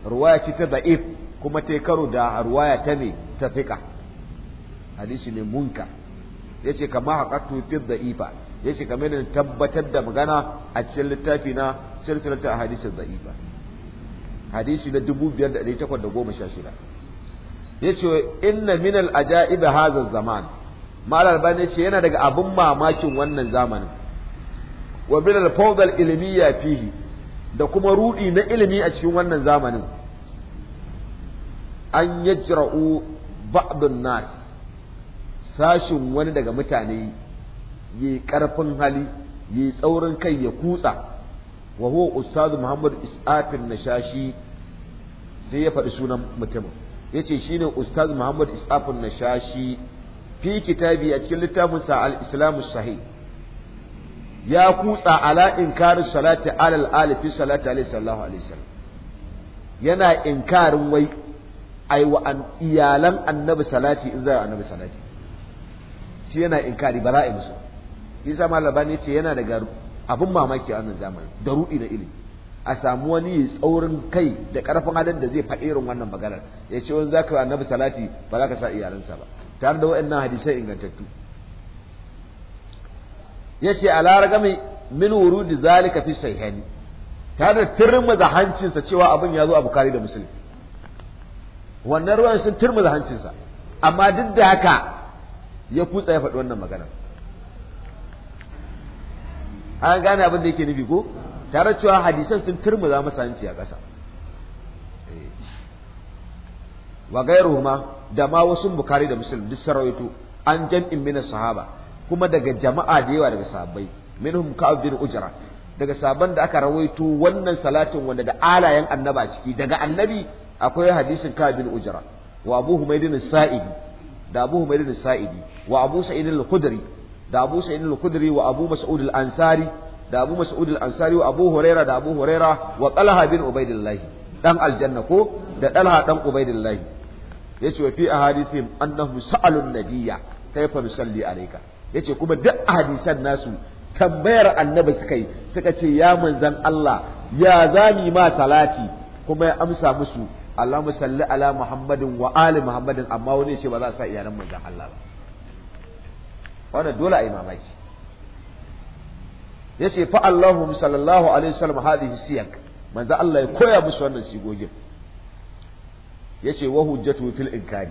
Speaker 1: ruwaya ce ta da'if kuma ta karo da ruwaya ta ne ta fiƙa hadisi ne munka ya ce kama haƙaƙtu tufin da'ifa ya ce kamar yadda tabbatar da magana a cikin littafi na silsilata a hadisin da'ifa hadisi na dubu biyar da ɗari takwas da goma sha shida ya ce inna min al'aja'ib hazar zaman malar bani ce yana daga abin mamakin wannan zamanin wa min al-fawdal ilmiya fihi da kuma rudi na ilimi a cikin wannan zamanin an yajra'u ba'dun nas sashin wani daga mutane yi karfin hali yi tsaurin kai ya kutsa wa huwa ustadu muhammad isafin nashashi sai ya faɗi sunan mutumin yace shine ustaz muhammad isafin nashashi fi kitabi a cikin littafin sa al-islamu sahih ya kutsa ala inkari salati alal alifi salati alaihi sallallahu alaihi wasallam yana inkarin wai ai wa an iyalan annabi salati in za annabi salati shi yana inkari ba za a yi musu isa malabani ce yana daga abin mamaki a wannan zamani da ruɗi na ilimi a samu wani tsaurin kai da ƙarfin halin da zai faɗi irin wannan maganar ya ce wani za ka annabi salati ba za ka sa iyalansa ba tare da waɗannan hadisai ingantattu yace ala min wurudi zalika fi sahihaini tare da hancinsa cewa abin ya zo a bukari da muslim wannan ruwan sun da hancinsa amma duk da haka ya kutsa ya faɗi wannan magana an gane abin da yake nufi ko tare cewa hadisan sun da masa hanci a ƙasa wa gairu ma da ma wasu bukari da muslim duk sarautu an jam'in mina sahaba kuma daga jama'a da yawa daga sahabbai minhum ka'ab bin ujra daga sahabban da aka rawaito wannan salatin wanda da alayen annaba ciki daga annabi akwai hadisin ka'ab bin ujra wa abu humaydin sa'idi da abu humaydin sa'idi wa abu sa'id al-khudri da abu sa'id al-khudri wa abu mas'ud al-ansari da abu mas'ud al-ansari wa abu huraira da abu huraira wa talha bin ubaidillah dan aljanna ko da talha dan ubaidillah yace wa fi ahadithim annahum sa'alun nabiyya kayfa nusalli alayka yace kuma duk hadisan nasu tambayar annabi suka yi suka ce ya manzan Allah ya zani ma salati kuma ya amsa musu Allahumma salli ala Muhammadin wa ali Muhammadin amma wani ya ce ba za a sa iyalan manzan Allah ba wannan dole a yi mamaki ya ce fa allahu sallallahu alaihi wasallam hadhihi siyak manzan Allah ya koya musu wannan sigogin ya ce wa hujjatu fil inkari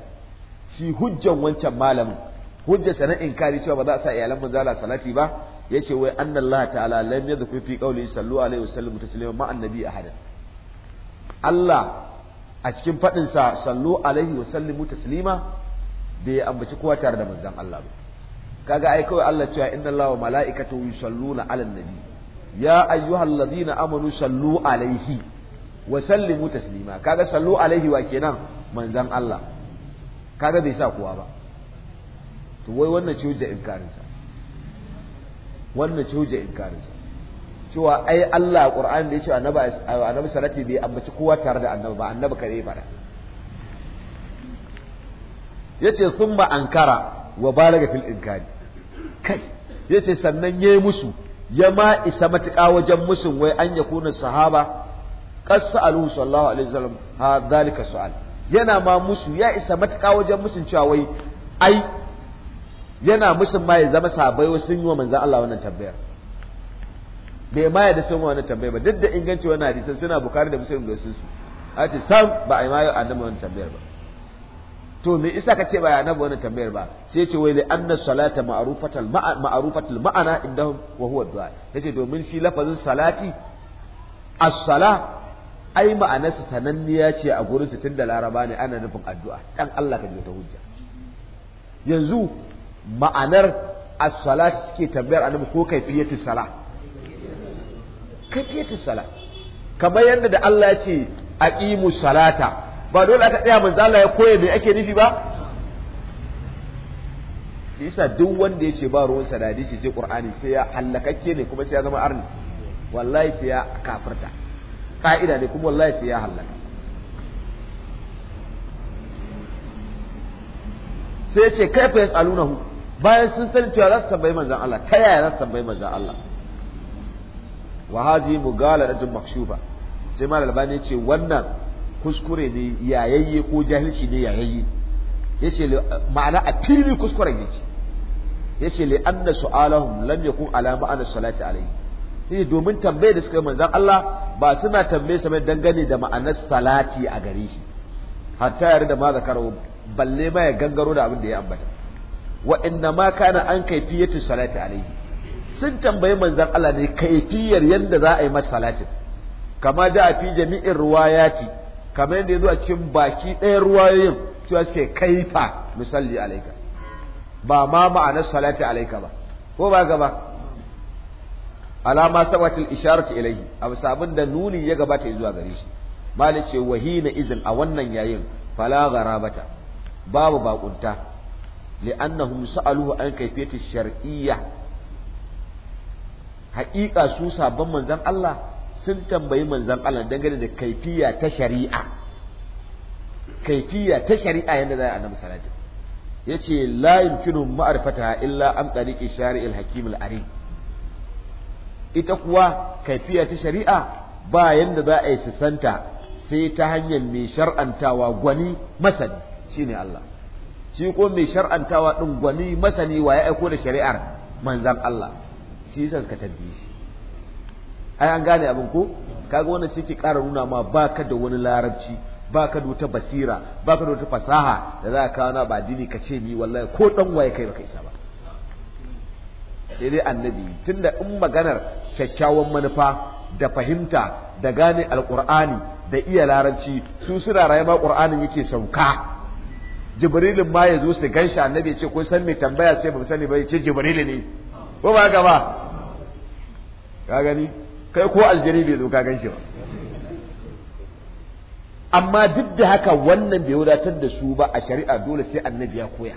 Speaker 1: shi hujjan wancan malamin hujjarsa na inkari cewa ba za a sa iyalan manzo Allah salati ba yace wai anna Allah ta'ala lam yadhkur fi qawli sallu alaihi wasallam taslima ma annabi ahadan Allah a cikin fadin sa sallu alaihi wasallam taslima bai ambaci kowa tare da manzon Allah ba kaga ai kawai Allah cewa inna Allah wa mala'ikatu yusalluna ala nabi ya ladina amanu sallu alaihi wa sallimu taslima kaga sallu alaihi wa kenan manzon Allah kaga bai sa kowa ba to wai wannan ce hujja inkarinsa wannan ce hujja inkarinsa cewa ai Allah a Qur'ani da ya ce annabi annabi salati bai ambaci kowa tare da annabi ba annabi kare fada yace thumma ankara wa balaga fil inkari kai yace sannan yayi musu ya ma isa matuƙa wajen musun wai an ya kuna sahaba kasa aluhu sallallahu alaihi wasallam ha zalika su'al yana ma musu ya isa matuƙa wajen musun cewa wai ai yana musun ma ya zama sabai wasu sun yi wa manzan Allah wannan tambayar bai ma da sun wannan tambayar ba duk da inganci wannan hadisan suna bukari da muslim da su a ce sam ba a yi ma annabi wannan tambayar ba to me isa ka ce ba ya annabi wannan tambayar ba sai ce wai an anna salata ma'rufatal ma'rufatal ma'ana indahum wa huwa du'a yace domin shi lafazin salati as-sala ai sa sananniya ce a gurin su da laraba ne ana nufin addu'a dan Allah ka ta hujja yanzu ma'anar as sala suke tambayar annabi ko kai kaifiyatu sala kaifiyatu sala kamar yadda da Allah ya ce aqimu salata ba dole aka tsaya manzo Allah ya koye me ake nufi ba yasa duk wanda ya ce ba ruwan sadadi shi je qur'ani sai ya hallakakke ne kuma sai ya zama arni wallahi sai ya kafirta ka'ida ne kuma wallahi sai ya hallaka sai ce kai fa yas'alunahu bayan sun sani cewa za su tambayi manzan Allah ta yaya za su tambayi manzan Allah wa hadhi tun makshuba sai mal ne ce wannan kuskure ne yayayye ko jahilci ne yayayye ya ce ma'ana a fili kuskuren ya ce, le, an li anna su'alahum lam kun alama ana salati alayhi sai domin tambaye da suka yi manzan Allah ba suna tambaye sa mai dangane da ma'anar salati a gare shi hatta da ma zakarau balle ma ya gangaro da abin da ya ambata wa inna ma kana an kaifiyatu salati alaihi sun tambayi manzan Allah ne kaifiyar yadda za a yi masa salatin kama da a fi jami'in ruwayati kamar yadda zo a cikin baki ɗayan ruwayoyin cewa suke kaifa misalli alaika ba ma ma'anar salati alaika ba ko ba gaba alama sabatil isharatu ilayhi abu sabin da nuni ya gabata zuwa gare shi malice ce wahina izin a wannan yayin fala gharabata babu bakunta li'annahum aluhu an kaifiyati shar'iyya haƙiƙa su sabon manzon Allah sun tambayi manzon Allah dangane da kaifiya ta shari'a kaifiya ta shari'a yanda za a annabi sallallahu yace layin yumkinu ma'rifataha illa an tariqi shari'il hakimul arim ita kuwa kaifiya ta shari'a ba yanda za a yi su santa sai ta hanyar mai shar'antawa gwani masani shine Allah shi ko mai shar'antawa ɗin gwani masani wa ya aiko da shari'ar manzan Allah shi yasa suka tabbi shi ai an gane abin ko kaga wanda shi ke ƙara nuna ma ka da wani larabci ba ka da wata basira ba ka da wata fasaha da za ka kawo na ba dini ka ce ni wallahi ko dan waye kai baka isa ba daidai dai annabi tunda in maganar kyakkyawan manufa da fahimta da gane Alƙur'ani da iya larabci su suna rayuwa qur'anin yake sauka jibrilin ma ya zo su ganshi annabi ce kun san mai tambaya sai ba sani ba ya ce jibril ne ko ba haka ba ka gani kai ko aljiri bai zo ka ganshi ba amma duk da haka wannan bai wadatar da su ba a shari'a dole sai annabi ya koya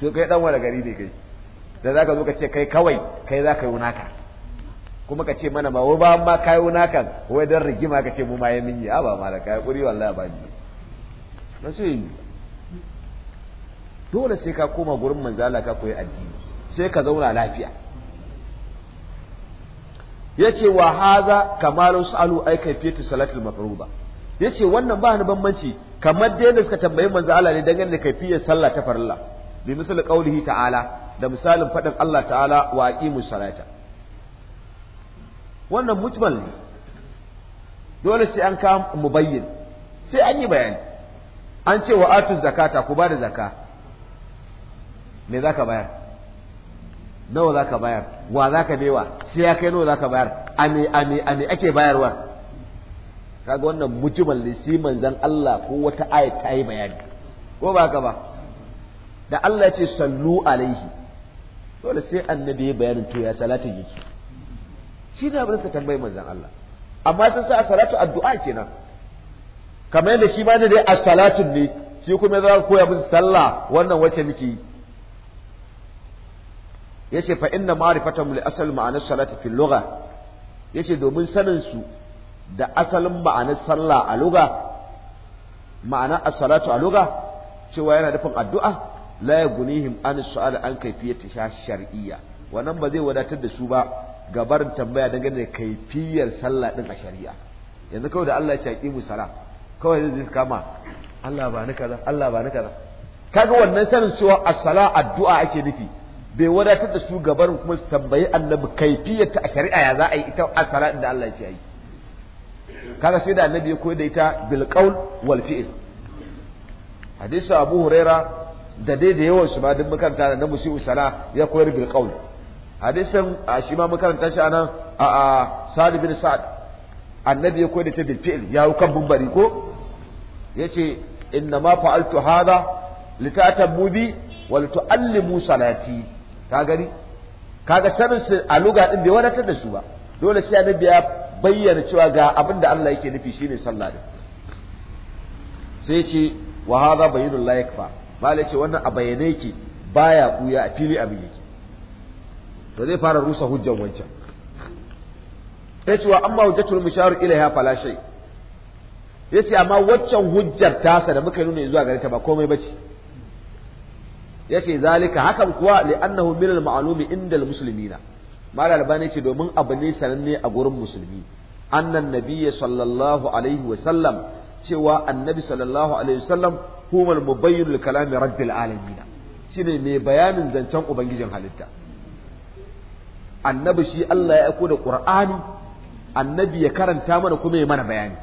Speaker 1: to kai dan wani gari ne kai da za ka zo ka ce kai kawai kai za ka yi naka kuma ka ce mana ma wai ba ma kayo nakan wai dan rigima ka ce mu ma ya minyi a ba ma da kai kuri wallahi ba ni ba sai dole sai ka koma gurin manzala ka koyi addini sai ka zauna lafiya yace wa haza kamalu salu ay kayfiyatu salatul mafruba ce wannan ba ni bambanci kamar da yadda suka tambayi manzo Allah ne dangane da fiye sallah ta farilla bi misali qaulihi ta'ala da misalin fadin Allah ta'ala wa aqimu salata wannan mujmal ne dole sai an ka mubayyin sai an yi bayani an ce wa atu zakata ku ba da zaka me za ka bayar nawa za ka bayar wa za ka bewa sai ya kai nawa za ka bayar ame ame ame ake bayarwa kaga wannan mujimal lisi manzan Allah ko wata aya ta yi bayani ko ba ka ba da Allah ya ce sallu alaihi dole sai annabi ya bayanin to ya salatu yake shi da abin sa tambayi manzan Allah amma sun sa salatu addu'a kenan kamar yadda shi ma da dai a salatun ne shi kuma za ku koya musu sallah wannan wacce muke yi ce fa inna ma'rifatan mu asal ma'ana salati fil lugha ce domin sanin su da asalin ma'anar sallah a lugha ma'ana as-salatu a lugha cewa yana nufin addu'a la him an su'al an kaifiyati shar'iyya wannan ba zai wadatar da su ba ga barin tambaya dangane da kaifiyar sallah din a shari'a yanzu kawai da Allah ya ce aqimu salat kawai zai zai kama Allah ba ni kaza Allah ba ni kaza kaga wannan sanin cewa as-sala addu'a ake nufi bai wadatar da su gaban kuma su tambayi annabi kaifiyar ta a shari'a ya za a yi ita as-sala da Allah ya ce yi kaga sai da annabi ya koyar da ita bil qaul wal fi'l hadisi Abu Huraira da dai da yawan su ma duk makaranta na musu sala ya koyar bil qaul hadisin shi ma makaranta shi anan a a Sa'd bin Sa'd annabi ya koyar da ta bil fi'l ya kan bumbari ko yace inna ma fa'altu hadha litatabbu bi wa tu'allimu salati ka gani kaga sanin su a luga din bai wadatar da su ba dole sai annabi ya bayyana cewa ga abin da Allah yake nufi shine sallah din sai yace wa hadha bayyinul la yakfa malai ce wannan a bayyane yake baya kuya a fili abin yake to zai fara rusa hujjan wancan sai cewa amma hujjatul musharu ilaiha fala shay' yace amma waccan hujjar tasa da muka nuna zuwa gare ta ba komai bace yace zalika hakan kuwa li'annahu min al-ma'lumi inda al-muslimina mala albani ce domin abu ne sananne a gurin musulmi annan nabiyyi sallallahu alaihi wa sallam cewa annabi sallallahu alaihi wa sallam huwa al-mubayyin li rabbil alamin shine mai bayanin zancen ubangijin halitta annabi shi Allah ya aiko da qur'ani annabi ya karanta mana kuma ya mana bayani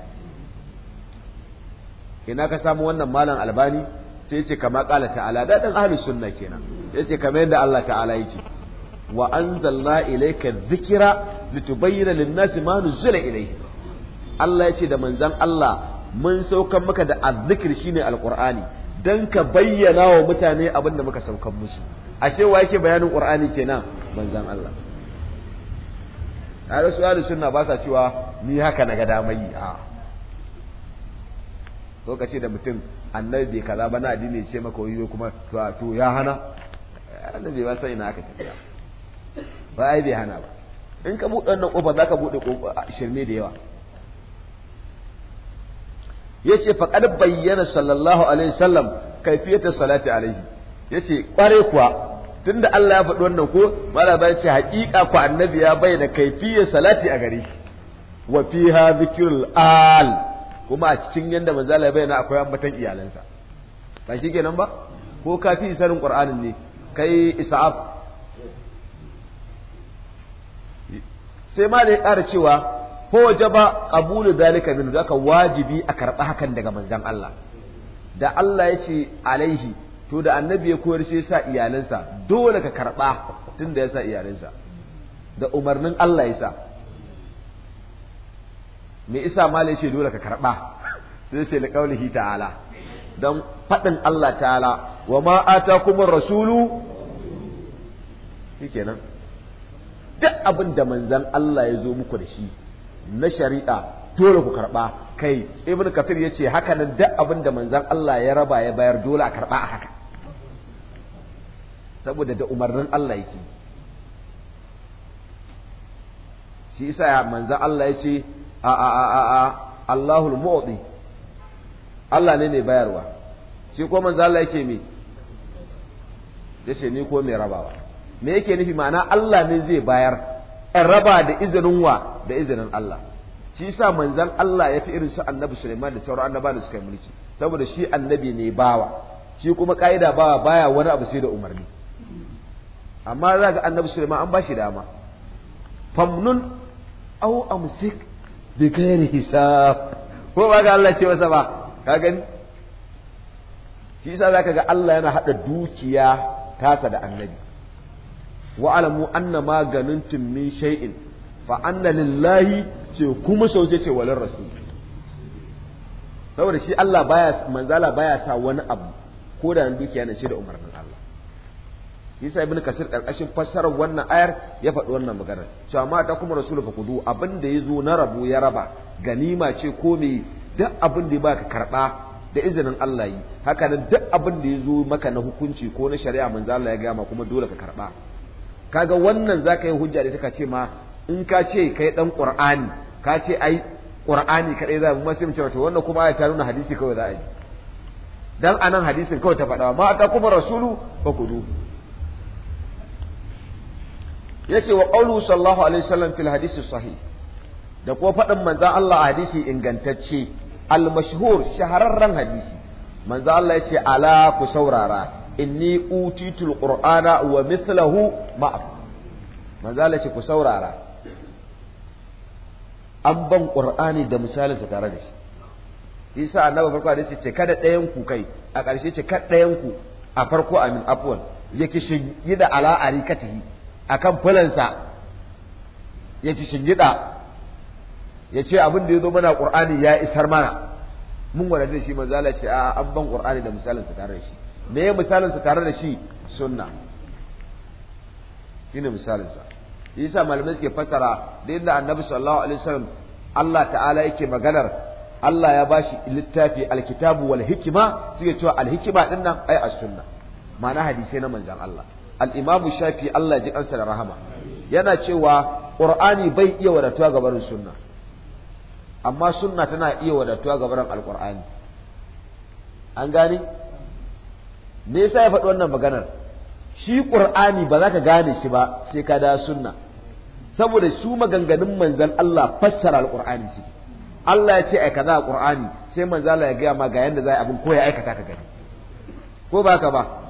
Speaker 1: ina ka samu wannan malam albani sai ce kama kala ta'ala dadin ahli sunna kenan sai ce kamar yadda Allah ta'ala yake wa anzalna ilayka dhikra litubayyana lin-nasi ma nuzila ilayhi Allah ya ce da manzon Allah mun saukar maka da azzikir shine alqur'ani dan ka bayyana wa mutane abin da muka saukan musu ashe wa yake bayanin qur'ani kenan manzon Allah a rasu sunna ba sa cewa ni haka na ga damayi a Lokaci da mutum annabi bai kaza ba na addini ce maka wani kuma to ya hana annabi ba sai na aka tafiya ba ai bai hana ba in ka buɗe wannan ƙofa za ka buɗe shirme da yawa yace qad bayyana sallallahu alaihi wasallam kayfiyatu salati alaihi yace kware kuwa tunda Allah ya faɗi wannan ko mala bai ce haƙiƙa ku annabi ya bayyana kayfiyatu salati a gare shi wa fiha dhikrul al kuma a cikin yadda manzo Allah ya bayyana akwai ambatan iyalansa ba shi kenan ba ko ka fi isarin qur'anin ne kai isa'af sai ma da ya ƙara cewa ko wajaba qabulu zalika min zaka wajibi a karɓa hakan daga Manzan Allah da Allah ya ce alaihi to da annabi ya koyar shi sa iyalansa dole ka karɓa tunda ya sa iyalansa da umarnin Allah ya sa me isa mala ce dole ka karba sai ce liqaulihi ta'ala dan faɗin Allah ta'ala wa ma kuma rasulu shikenan duk abin da manzan Allah ya zo muku da shi na shari'a dole ku karba kai ibn kafir yace haka nan duk abin da manzan Allah ya raba ya bayar dole a karba a haka saboda da umarnin Allah yake shi isa manzan Allah ya ce a a a a Allahul mu'ti Allah ne mai bayarwa shi ko manzo Allah yake me yace ni ko mai rabawa me yake nufi ma'ana Allah ne zai bayar in raba da izinin wa da izinin Allah shi sa manzon Allah ya fi irin su annabi Sulaiman da sauran annabawa da suka yi mulki saboda shi annabi ne bawa shi kuma ka'ida bawa baya wani abu sai da umarni amma za ga annabi Sulaiman an bashi dama famnun aw amsik bi ghairi hisab ko ba ga Allah ce masa ba ka gani shi yasa zaka ga Allah yana hada dukiya tasa da annabi wa alamu anna ma ganuntum min shay'in fa anna lillahi ce kuma sau ce walar rasul saboda shi Allah baya manzala baya sa wani abu ko da dukiya na shi da umarnin Allah yasa ibnu kasir karkashin fassarar wannan ayar ya faɗi wannan magana cewa ma ta kuma rasulu fa kudu abin da yazo na rabu ya raba ganima ce ko me duk abin da baka karba da izinin Allah yi haka nan duk abin da yazo maka na hukunci ko na shari'a manzo Allah ya ga ma kuma dole ka karba kaga wannan zaka yi hujja da take ce ma in ka ce kai dan qur'ani ka ce ai qur'ani kadai za mu masu mu ce to wannan kuma ta nuna hadisi kawai za a yi dan anan hadisin kawai ta faɗa ma ta kuma rasulu fa kudu yace wa qawlu sallallahu alaihi wasallam fil hadith sahih da kuma fadin manzan Allah hadisi ingantacce al-mashhur shahararren hadisi manzan Allah yace ala ku saurara inni utitul qur'ana wa mithluhu ma'a manzan Allah yace ku saurara an ban qur'ani da misalin misalinsa tare da shi yasa annabi farko hadisi ce kada ɗayan ku kai a ƙarshe ce kada ɗayan ku a farko amin afwan yake shi da ala arikatihi akan fulansa ya ci shingida ya ce abin da ya zo mana ƙur'ani ya isar mana mun gwada da shi manzo ce a an ban ƙur'ani da misalin sa tare da shi me ya misalin sa tare da shi sunna shine misalin sa yasa malamai suke fassara da inda annabi sallallahu alaihi wasallam Allah ta'ala yake maganar Allah ya bashi littafi alkitabu wal hikima suke cewa alhikima dinnan ai as-sunna ma'ana hadisi na manzon Allah al-imamu shafi Allah ji kansa da rahama yana cewa ƙur'ani bai iya wadatuwa ga barin sunna amma sunna tana iya wadatuwa ga barin alqur'ani an gane me yasa ya faɗi wannan maganar shi qur'ani ba za ka gane shi ba sai ka da sunna saboda su maganganun manzon Allah fassara alqur'ani shi Allah ya ce ai kaza a qur'ani sai manzo Allah ya ga ma ga yanda za a abin ko ya aikata ka gani ko ba ka ba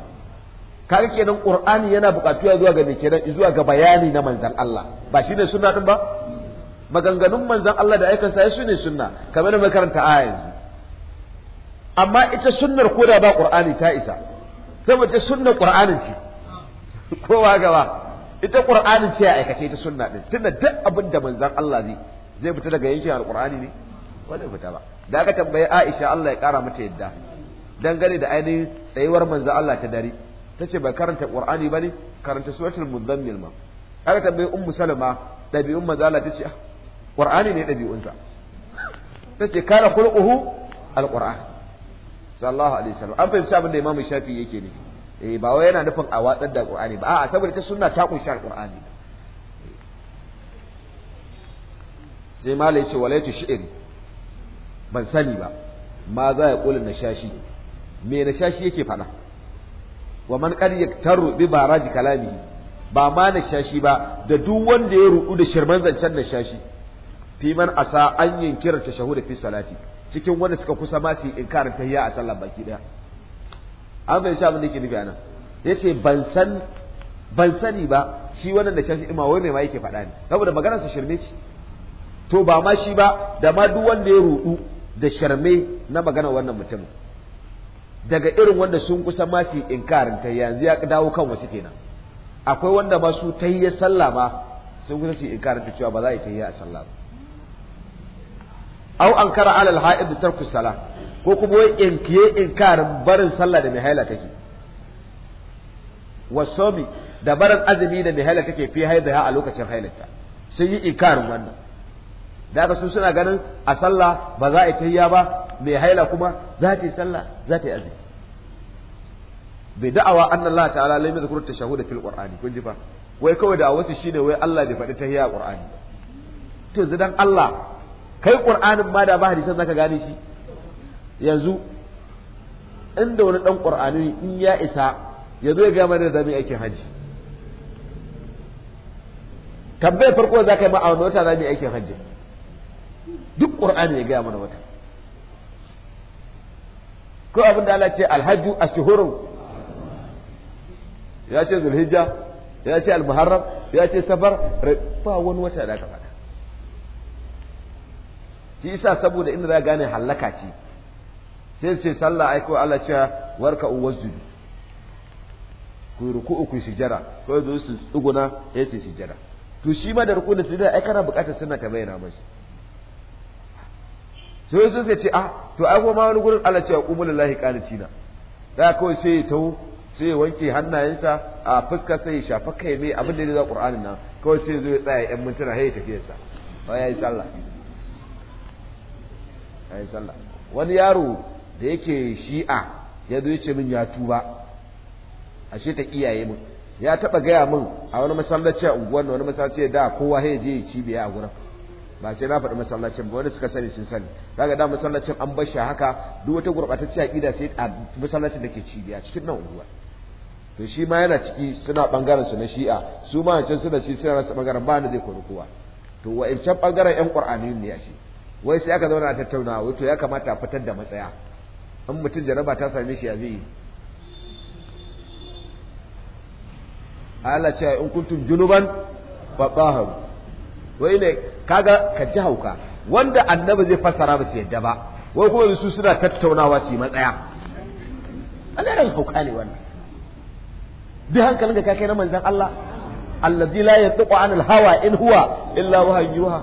Speaker 1: kaga kenan qur'ani yana bukatuwa zuwa ga kenan zuwa ga bayani na manzon Allah ba shine sunna din ba maganganun manzon Allah da aikan sa su ne sunna kamar mai karanta aya yanzu amma ita sunnar koda ba qur'ani ta isa saboda sunnar qur'ani ce kowa gaba ita qur'ani ce a aikace ita sunna din tunda duk abin da manzon Allah zai zai fita daga yankin alqur'ani ne ba zai fita ba da aka tambaye Aisha Allah ya kara mata yadda dangane da ainihin tsayuwar manzon Allah ta dare Ta ce ba karanta qur'ani ne? karanta suratul muzammil ma aka tambaye ummu salama dabi'un mazala ce ƙwar'ani ah, ne dabi'unsa ce kana khulquhu alquran sallallahu alaihi wasallam an fahimci abin da imam shafi yake ne eh ba wai yana nufin a watsar da Al-Ƙur'ani ba a'a saboda ta sunna ta kunshi alqur'ani sai malai ce walaitu shi'ri ban sani ba ma za ya kulun na shashi me na shashi yake faɗa wa man qad yaktaru bi baraj kalami ba ma na shashi ba da duk wanda ya rudu da shirman zancen na shashi fi man asa an yinkira shahuda fi salati cikin wanda suka kusa ma su inkarin tahiyya a sallah baki daya an bai sha mun nufi anan yace ban san ban sani ba shi wannan da shashi ima wai mai ma yake faɗa ne saboda maganar sa shirme ce to ba ma shi ba da ma duk wanda ya rudu da sharme na maganar wannan mutumin daga irin wanda sun kusa ma su inkarin ta yanzu ya dawo kan wasu kenan akwai wanda ma su tahiyyar sallah ma sun kusa su inkarin ta cewa ba za a yi ta yi a sallah ba au an kara alal ha'id da tarku sala ko kuma wai inkiye inkarin barin sallah da mihaila take wasomi da barin azumi da mihaila take fi haidaha a lokacin hailarta sun yi inkarin wannan da haka su suna ganin a sallah ba za a yi tahiyya ba mai haila kuma za ta yi sallah za ta yi azumi bai da'awa anna Allah ta'ala lam yadhkur tashahhud fil qur'ani kun ji fa wai kawai da wasu shine wai Allah bai faɗi tahiyya a qur'ani to yanzu dan Allah kai qur'anin ma da ba hadisan zaka gane shi yanzu inda wani dan qur'ani in ya isa yanzu ya ga mai da mai aikin haji tabbai farko za yi ma a wani wata zami mu yi aikin hajji duk ƙur'ani ya gaya mana wata ko abin da Allah ce alhaju ashhurun ya ce zulhijja ya ce almuharram ya ce safar ba wani wata da aka faɗa shi isa saboda inda za gane hallaka ce sai ce sallah ai ko Allah ce warka uwazzu ku ruku ku sujjara ko yanzu su tsuguna ya ce sujjara to shi ma da ruku da sujjara ai kana buƙatar sunna ta bayyana masa sai sun sai ce ah to ai kuma wani gurin Allah ce aqumu lillahi qanitina da kawai sai ya tau sai ya wanke hannayensa a fuska sai ya shafa kai mai abin da ya za Qur'anin nan kawai sai ya zo ya tsaya yan mintuna sai ya tafi yasa ba yayi sallah yayi sallah wani yaro da yake shi'a ya zo ya ce min ya tuba ashe ta iyaye min ya taba gaya min a wani masallaci a unguwar wani masallaci da kowa sai ya je ya cibiya a gurin ba sai na faɗi masallacin ba wanda suka sani sun sani ga da masallacin an bar shi haka duk wata gurɓatacciya ƙida sai a masallacin da ke cibiya cikin nan unguwa to shi ma yana ciki suna bangaren su na shi'a su ma can suna shi suna nasu bangaren ba ni zai kori kowa to wa'incan bangaren yan ƙur'ani ne ya shi wai sai aka zauna a tattaunawa wai to ya kamata a fitar da matsaya in mutum jaraba ta same shi ya zai yi Allah ce in kuntum junuban fatahharu wai ne kaga ka ji hauka wanda annabi zai fassara ba su yadda ba wai kuma su suna tattaunawa su yi matsaya Allah yana hauka ne wannan duk hankalin ka kai na manzon Allah allazi la yatqu anil hawa in huwa illa wahyuha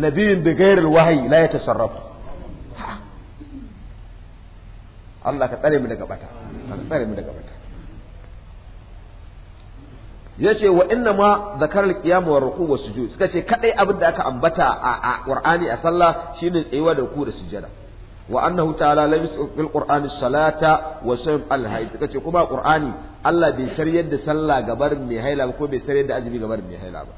Speaker 1: nabiyin bi ghairil wahyi la yatasarrafu Allah ka tsare mu daga bata ka tsare mu daga bata ce wa inna ma zakar al wa ruku' wa sujud suka ce kadai abin da aka ambata a Qur'ani a sallah shine tsayuwa da ruku da sujada wa annahu ta'ala lam bil qur'ani salata wa sayyid al suka ce kuma Qur'ani Allah bai shiryar da sallah gabar mai haila ko bai shiryar da azumi gabar mai haila ba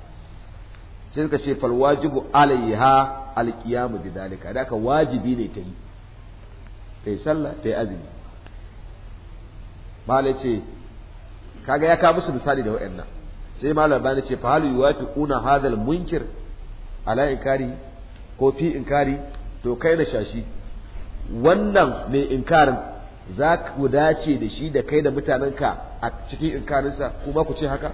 Speaker 1: sai suka ce fal wajibu alaiha al-qiyam bidalika da ka wajibi ne ta yi ta sallah ta yi azumi malai ce kaga ya ka musu misali da wa'annan sai malam bani ce fa halu yuwafiquna hadal munkir ala inkari ko fi inkari to kai da shashi wannan mai inkarin za ku dace da shi da kai da mutanenka a cikin inkarinsa ko ba ku ce haka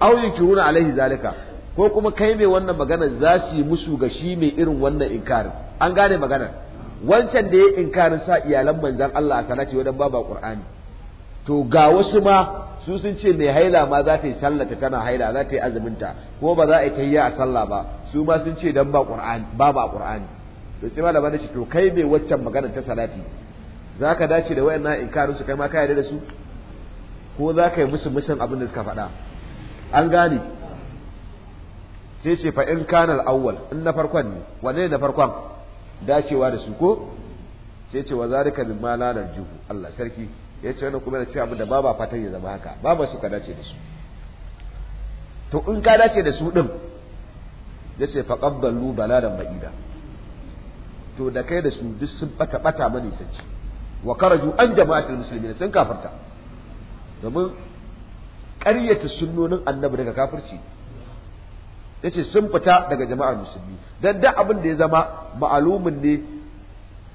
Speaker 1: aw yunkiruna alaihi zalika ko kuma kai mai wannan magana za su yi musu ga shi mai irin wannan inkarin an gane maganar wancan da ya inkarin sa iyalan manzan Allah a sanati wadan babu Qur'ani to ga wasu ma su sun ce mai haila ma za ta yi sallata tana haila za ta yi azuminta kuma ba za a yi tayya a sallah ba su ma sun ce dan ba qur'ani ba ba qur'ani to sai malama ce to kai mai waccan magana ta salati ka dace da wayannan inkarin su kai ma ka yarda da su ko za ka yi musu musan abin da suka faɗa an gane sai ce fa in kana awwal in na farkon ne wanne na farkon dacewa da su ko sai ce wa zalika mimma malalar juhu Allah sarki ya ce wannan kuma yana cewa abin da ba ba fatan ya zama haka ba su ka dace da su to in ka dace da su din ya ce fa baladan ma'ida to da kai da su duk sun bata bata mani sanci wa karaju an jama'atul muslimin sun kafarta domin ƙaryata sunnonin annabi daga kafirci ce sun fita daga jama'ar musulmi dan da abin da ya zama ma'alumin ne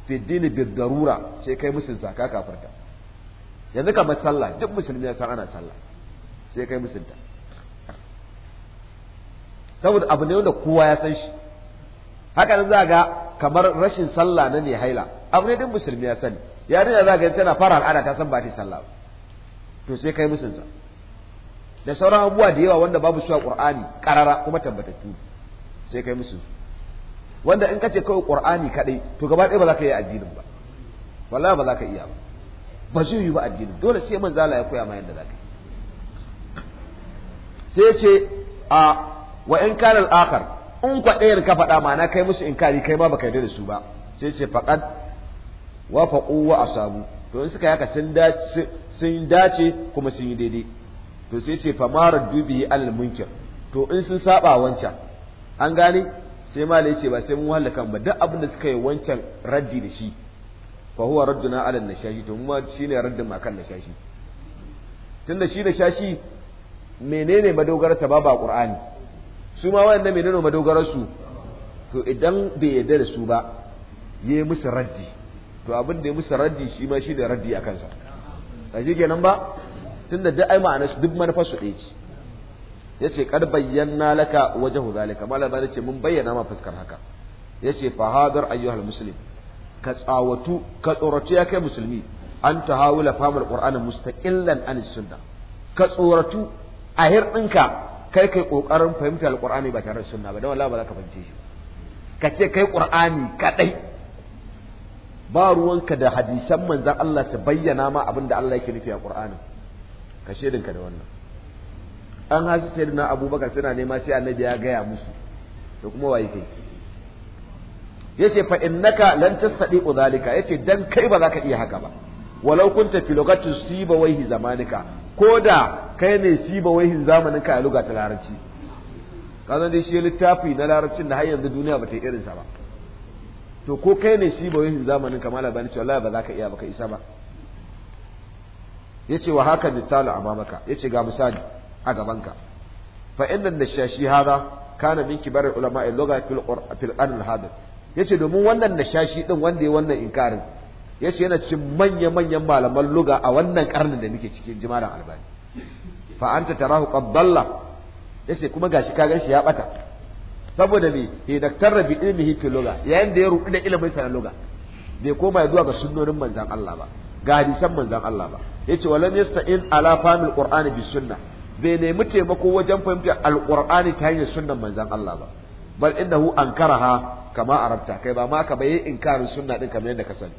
Speaker 1: fiddini dini darura sai kai musulunta ka kafarta yanzu kamar sallah duk musulmi ya san ana sallah sai kai musulta saboda abu ne wanda kowa ya san shi haka nan za ga kamar rashin sallah na ne haila abu ne duk musulmi ya sani nuna za ga tana fara al'ada ta san ba ta sallah ba to sai kai musulta da sauran abubuwa da yawa wanda babu su a qur'ani karara kuma tabbatattu sai kai musulta wanda in ka ce kawai qur'ani kadai to gaba ɗaya ba za ka yi addinin ba wallahi ba za ka iya ba ba zai yi ba addini dole sai manzo zala ya koya ma yadda zaka sai ce a wa in kana al-akhar in kwaɗayar ka faɗa ma'ana kai musu inkari kai ma baka yarda da su ba sai ce faqad wa faqu wa asabu to in suka yaka sun dace sun dace kuma sun yi daidai to sai ce fa mara dubi al munkir to in sun saba wancan an gane sai malai ce ba sai mun wahala kan ba duk abin da suka yi wancan raddi da shi fa huwa radduna ala nashashi to mu shine raddin akan nashashi tunda shi nashashi menene madogarar ta babu qur'ani su ma wayannan menene madogarar su to idan bai yarda da su ba yayi musu raddi to abin da ya musu raddi shi ma shine raddi a kansa a shi kenan ba tunda duk ai ma'anar su duk manufar su ɗaya ce yace kad bayyana laka wajhu zalika malama ce mun bayyana ma fuskar haka yace fa hadar ayyuhal muslim ka tsawatu ka tsoratu ya kai musulmi an tahawula famar qur'anin mustaqillan an sunna ka tsoratu a hirɗinka kai kai kokarin fahimta alqur'ani ba tare da sunna ba dan wallahi ba za ka fahimce shi ka ce kai ƙur'ani kaɗai, ba ruwanka da hadisan manzon Allah su bayyana ma abin da Allah yake nufi a qur'ani ka shaidinka da wannan an hasu sayyidina abubakar suna nema sai annabi ya gaya musu da kuma waye kai yace fa innaka lan tastadiqu zalika yace dan kai ba za ka iya haka ba walau kunta fi lugati siba waihi zamanika koda kai ne siba waihin zamaninka a luga ta larabci kazan dai shi littafi na larabcin da har yanzu duniya ba ta irin sa ba to ko kai ne siba waihin zamaninka ka mala bani wallahi ba za ka iya ba ka isa ba yace wa haka misalu amamaka yace ga misali a gabanka fa inna nashashi hada kana min kibar ulama al-lugha fil qur'an fil al ya ce domin wannan shashi din wanda ya wannan inkarin yace yana cikin manya manyan malaman luga a wannan karnin da muke cikin jimaran albani fa anta tarahu qad ya yace kuma gashi ka gan shi ya bata saboda me hidaktar bi ilmihi fil luga yayin da ya rudu da ilimin sa luga bai koma zuwa ga sunnonin manzon Allah ba ga hadisan manzon Allah ba yace walam yasta'in ala fahmil qur'ani bi sunnah bai nemi taimako wajen fahimtar alqur'ani ta hanyar sunnan manzon Allah ba bal innahu ankaraha kama arabta kai ba ma ka bayi inkarin sunna din kamar yadda ka sani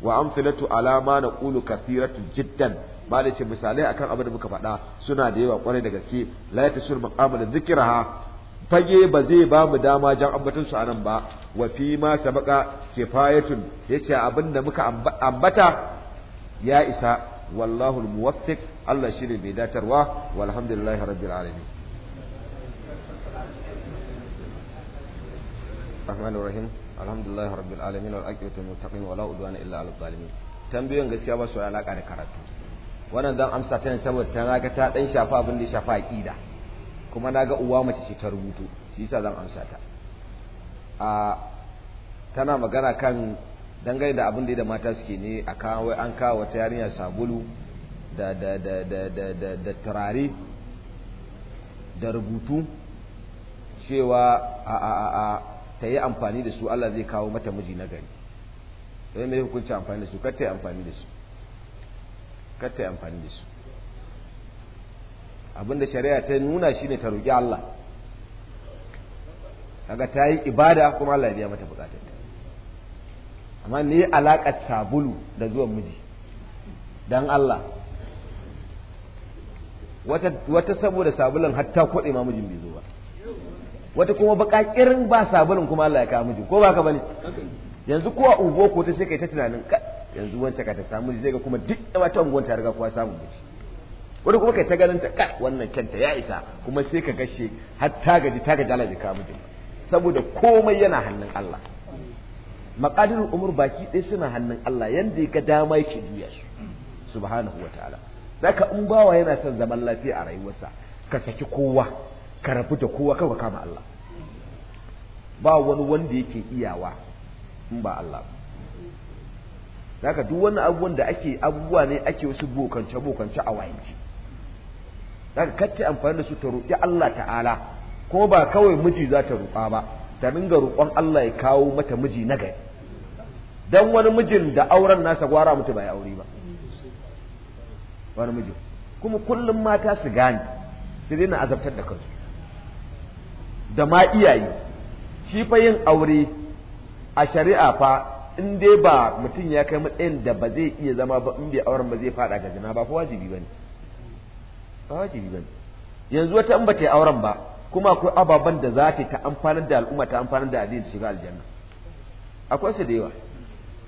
Speaker 1: wa amfilatu ala ma naqulu kathiratu jiddan ba da ce misalai akan abin da muka faɗa suna da yawa kwarai da gaske la yatasul maqamul dhikraha fage ba zai ba mu dama jan ambatun su anan ba wa fi ma sabaka kifayatun yace abin da muka ambata ya isa wallahu almuwaffiq Allah shine mai datarwa walhamdulillahi rabbil alamin الرحمن الرحيم الحمد لله رب العالمين والعاقبة للمتقين ولا udwana illa ala zalimin. tambayoyin gaskiya ba su da alaka da karatu wannan dan amsa ta ne saboda ta ga ta dan shafa abin da shafa aqida kuma naga uwa mace ce ta rubutu shi yasa zan amsa ta a tana magana kan dangane da abin da da mata suke ne a kawo an kawo wata yarinya sabulu da da da da da da turare da rubutu cewa a a a ta yi amfani da su Allah zai kawo mata miji na gari sai mai hukunci amfani da su kar ta yi amfani da su kar yi amfani da su abinda shari'a ta nuna shi ne ta roƙi Allah kaga ta yi ibada kuma Allah ya biya mata bukatar ta amma ne alaƙar sabulu da zuwan miji dan Allah wata saboda sabulun hatta kwade ma mijin bai zo wata kuma bakakirin ba sabulin kuma Allah ya kawo miji ko ba ka bane yanzu ko a ugo ko ta sai kai ta tunanin yanzu wancan ka ta samu zai ga kuma duk wata unguwan ta riga kuwa samu miji wani kuma kai ta ganin ta kai wannan kyanta ya isa kuma sai ka gashe har ta gaji ta gaji Allah ya kawo miji saboda komai yana hannun Allah maqadirul umur baki ɗaya suna hannun Allah yanda ya ga dama yake juya su subhanahu wataala zaka in bawa yana son zaman lafiya a rayuwarsa ka saki kowa karafi da kowa kawai kama Allah ba wani wanda yake iyawa in ba Allah ka duk wani abubuwan da ake abubuwa ne ake wasu bokance bokance a wayanci ka katta amfani da su ta roƙi Allah ta'ala ko ba kawai miji za ta roƙa ba ta dinga roƙon Allah ya kawo mata miji na gari Don wani mijin da auren nasa gwara mutu bai aure ba wani mijin kuma kullum mata su gane su daina azabtar da kansu da ma iyaye shi fa yin aure a shari'a fa in dai ba mutum ya kai matsayin da ba zai iya zama ba in bai auren ba zai fada ga zina ba fa wajibi bane ba wajibi bane yanzu wata in ba ta yi auren ba kuma akwai ababen da za ta ta amfanar da al'umma ta amfanar da addini shiga aljanna akwai su da yawa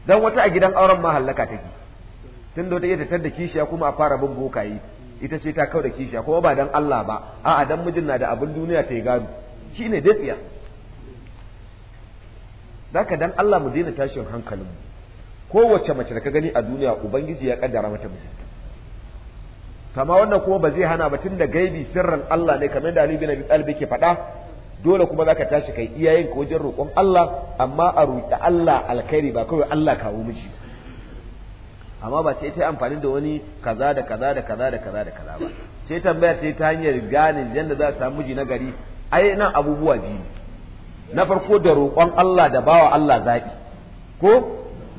Speaker 1: dan wata a gidan auren ma hallaka take tun da wata iya tar da kishiya kuma a fara bin bokaye ita ce ta kau da kishiya kuma ba dan Allah ba a'a dan mijin na da abin duniya ta yi gado ne dai Za ka dan Allah mu daina tashin hankalin mu kowace mace da ka gani a duniya ubangiji ya kaddara mata mijinta kama wannan kuma ba zai hana ba tun da gaibi sirrin Allah ne kamar da Ali bin Abi ke yake faɗa dole kuma zaka tashi kai iyayen ka wajen roƙon Allah amma a roƙi Allah alkhairi ba kawai Allah kawo miji amma ba sai ta amfani da wani kaza da kaza da kaza da kaza ba sai tambaya sai ta hanyar gane yadda za a samu miji na gari ai nan abubuwa biyu na farko da roƙon Allah da bawa Allah zaɓi ko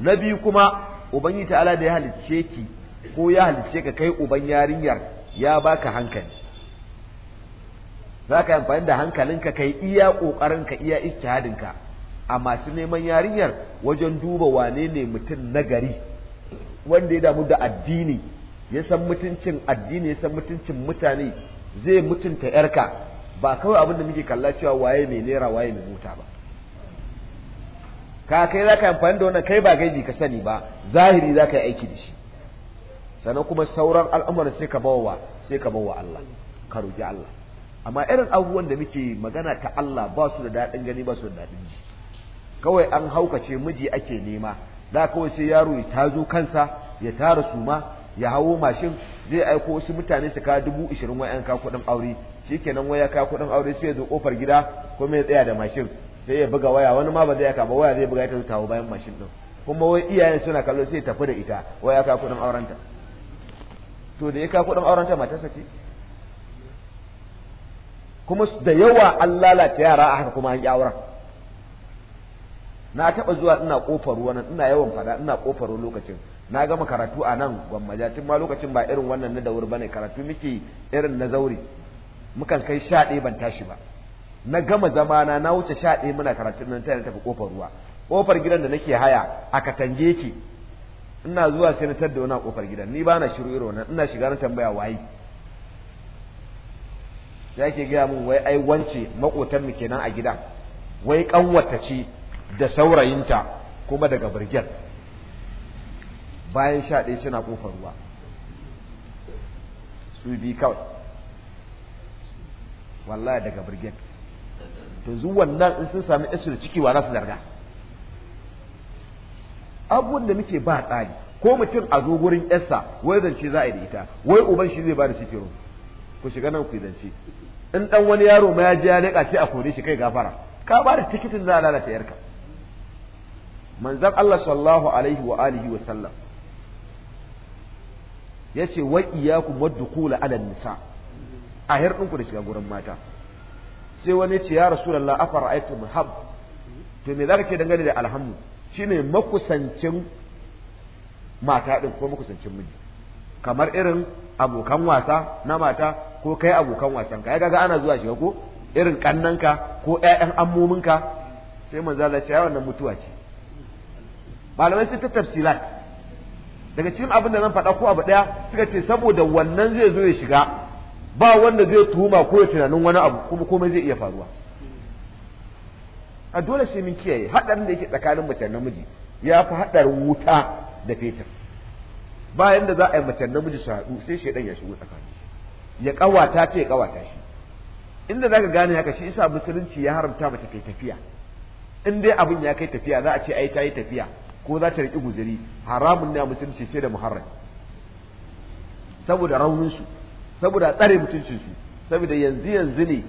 Speaker 1: na biyu kuma ubangi ta'ala da ya halicce ki ko ya halicce ka kai uban yarinyar ya baka hankali za ka yi amfani da hankalinka kai iya ka iya ijtihadinka a masu neman yarinyar wajen duba wane ne mutum nagari wanda ya damu da addini ya san mutuncin addini ya san mutuncin mutane zai mutunta yarka ba kawai abin da muke kalla cewa waye mai naira waye mai mota ba ka kai za amfani da wannan kai ba gaibi ka sani ba zahiri zaka yi aiki da shi sannan kuma sauran al'amuran sai ka bawa sai ka bawa Allah ka roki Allah amma irin abubuwan da muke magana ta Allah ba su da daɗin gani ba su da daɗin ji kawai an haukace miji ake nema da kawai sai yaro ya tazo kansa ya tara suma ya hawo mashin zai aiko wasu mutane su ka dubu ishirin wa'yan ka kuɗin aure shikenan waya ka kudin aure sai ya zo kofar gida ko mai tsaya da mashin sai ya buga waya wani ma ba zai yaka ba waya zai buga ta kawo bayan mashin din kuma wai iyayen suna kallo sai tafi da ita waya ka kudin aurenta to da ya ka kudin aurenta matarsa ce kuma da yawa an lalata yara a haka kuma an auren na taɓa zuwa ina ƙofar ruwan ina yawan fada ina ƙofar lokacin na gama karatu a nan gwamnati tun ma lokacin ba irin wannan na dawur bane karatu muke irin na zauri mukan kai sha ɗaya ban tashi ba na gama zamana na wuce sha ɗaya muna karatun nan tare tafi ƙofar ruwa Ƙofar gidan da nake haya a katange ke ina zuwa sai na tadda wani ƙofar gidan ni ba na shiru irin nan ina shiga na tambaya waye ya ke gaya min wai ai wance maƙotan mu kenan a gidan wai ƙanwata ce da saurayinta
Speaker 2: kuma daga birgen
Speaker 1: bayan sha ɗaya suna ƙofar ruwa su bi kawai wallahi daga birget to zu wannan in sun sami isu da ciki wa za su zarga abubuwan da muke ba tsari ko mutum a zo gurin yarsa wai zance za a yi da ita wai uban shi zai ba da sitiro ku shiga nan ku yi zance in dan wani yaro ma ya je ya leka ce a kore shi kai gafara ka ba da tikitin za a lalata yarka manzon Allah sallallahu alaihi wa alihi wa sallam yace wa iyyakum wadkhul ala nisa' a har ɗinku da shiga gurin mata sai wani ce ya rasulullah afa aitu muhab to me za ka ce dangane da alhammu shine makusancin mata ɗin ko makusancin miji kamar irin abokan wasa na mata ko kai abokan wasan ka ga ana zuwa shiga ko irin ka ko ƴaƴan ammominka sai manzo Allah ya wannan mutuwa ce malamai sun ta tafsilat daga cikin abin da zan faɗa ko abu ɗaya suka ce saboda wannan zai zo ya shiga ba wanda zai tuhuma ko ya tunanin wani abu kuma komai zai iya faruwa a dole sai min kiyaye hadarin da yake tsakanin mace namiji ya fi hadarin wuta da fetur bayan da za a yi mace namiji su haɗu sai shaidan ya shigo tsakanin. ya kawata ta ya kawata shi inda zaka gane haka shi isa musulunci ya haramta mace kai tafiya in dai abin ya kai tafiya za a ce ai ta yi tafiya ko za ta riki guzuri haramun ne a musulunci sai da muharram saboda rauninsu su saboda tsare mutuncin su saboda yanzu yanzu ne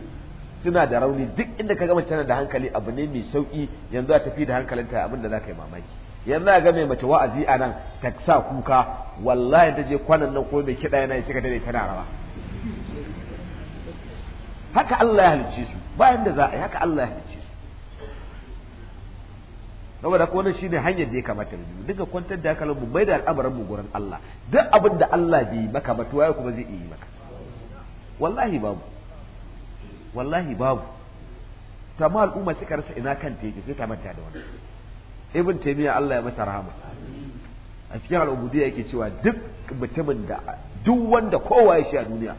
Speaker 1: suna da rauni duk inda ka gama tana da hankali abu ne mai sauki yanzu a tafi da hankalinta abin da ka yi mamaki yanzu ga mai mace wa'azi a nan ta sa kuka wallahi ta je kwanan nan ko mai kiɗa yana shiga dare tana rawa haka Allah ya halicce su bayan da za a yi haka Allah ya halicce su saboda ko shi ne hanyar da ya kamata mu duka kwantar da hankalin mu mai da al'amuran mu gurin Allah duk abin da Allah bai maka ba to waye kuma zai iya maka wallahi babu wallahi babu tamma al'umma suka rasa ina kan teke sai ta manta da wannan ibn taymiya Allah ya masa rahama a cikin al'ubudi yake cewa duk mutumin da duk wanda kowa ya shi a duniya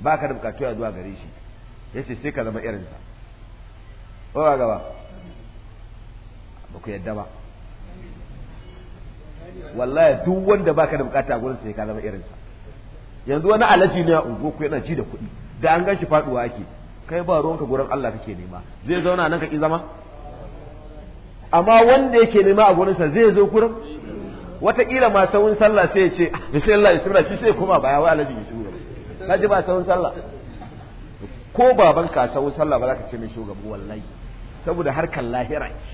Speaker 1: baka da bukatu ya zuwa gare shi yace sai ka zama irinsa ko ba gaba ba ku yadda ba wallahi duk wanda baka da bukata gurin sai ka zama sa yanzu wani alaji ne a ungo ku yana ji da kuɗi da an gan shi faɗuwa ake kai ba ruwanka gurin Allah kake nema zai zauna nan ka ki zama amma wanda yake nema a gurinsa zai zo gurin wataƙila ma sawun sallah sai ya ce ah, bismillah bismillah shi sai kuma baya wai alaji shi shigo kaji ba sawun sallah ko baban ka sawun sallah ba za ka ce mai shugaban wallahi saboda harkar lahira ce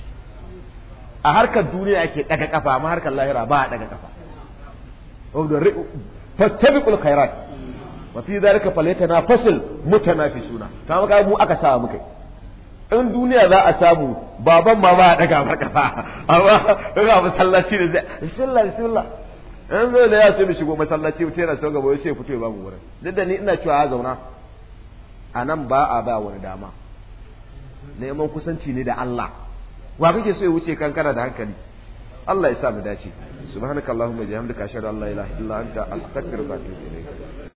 Speaker 1: a harkar duniya yake daga kafa amma harkar lahira ba a daga kafa fastabiqul khairat wa fi zalika falyatanafasul mutanafisuna ta maka mu aka sa muka in duniya za a samu baban ma ba a daga markafa amma ga masallaci da zai bismillah bismillah in zo da ya so mu shigo masallaci wuce yana son gaba sai fito ya bamu wurin duk da ni ina cewa a zauna a nan ba a ba wani dama neman kusanci ne da Allah wa kake so ya wuce kankana da hankali Allah ya sa mu dace subhanakallahumma bihamdika ashhadu an la ilaha illa anta astaghfiruka wa atubu ilayk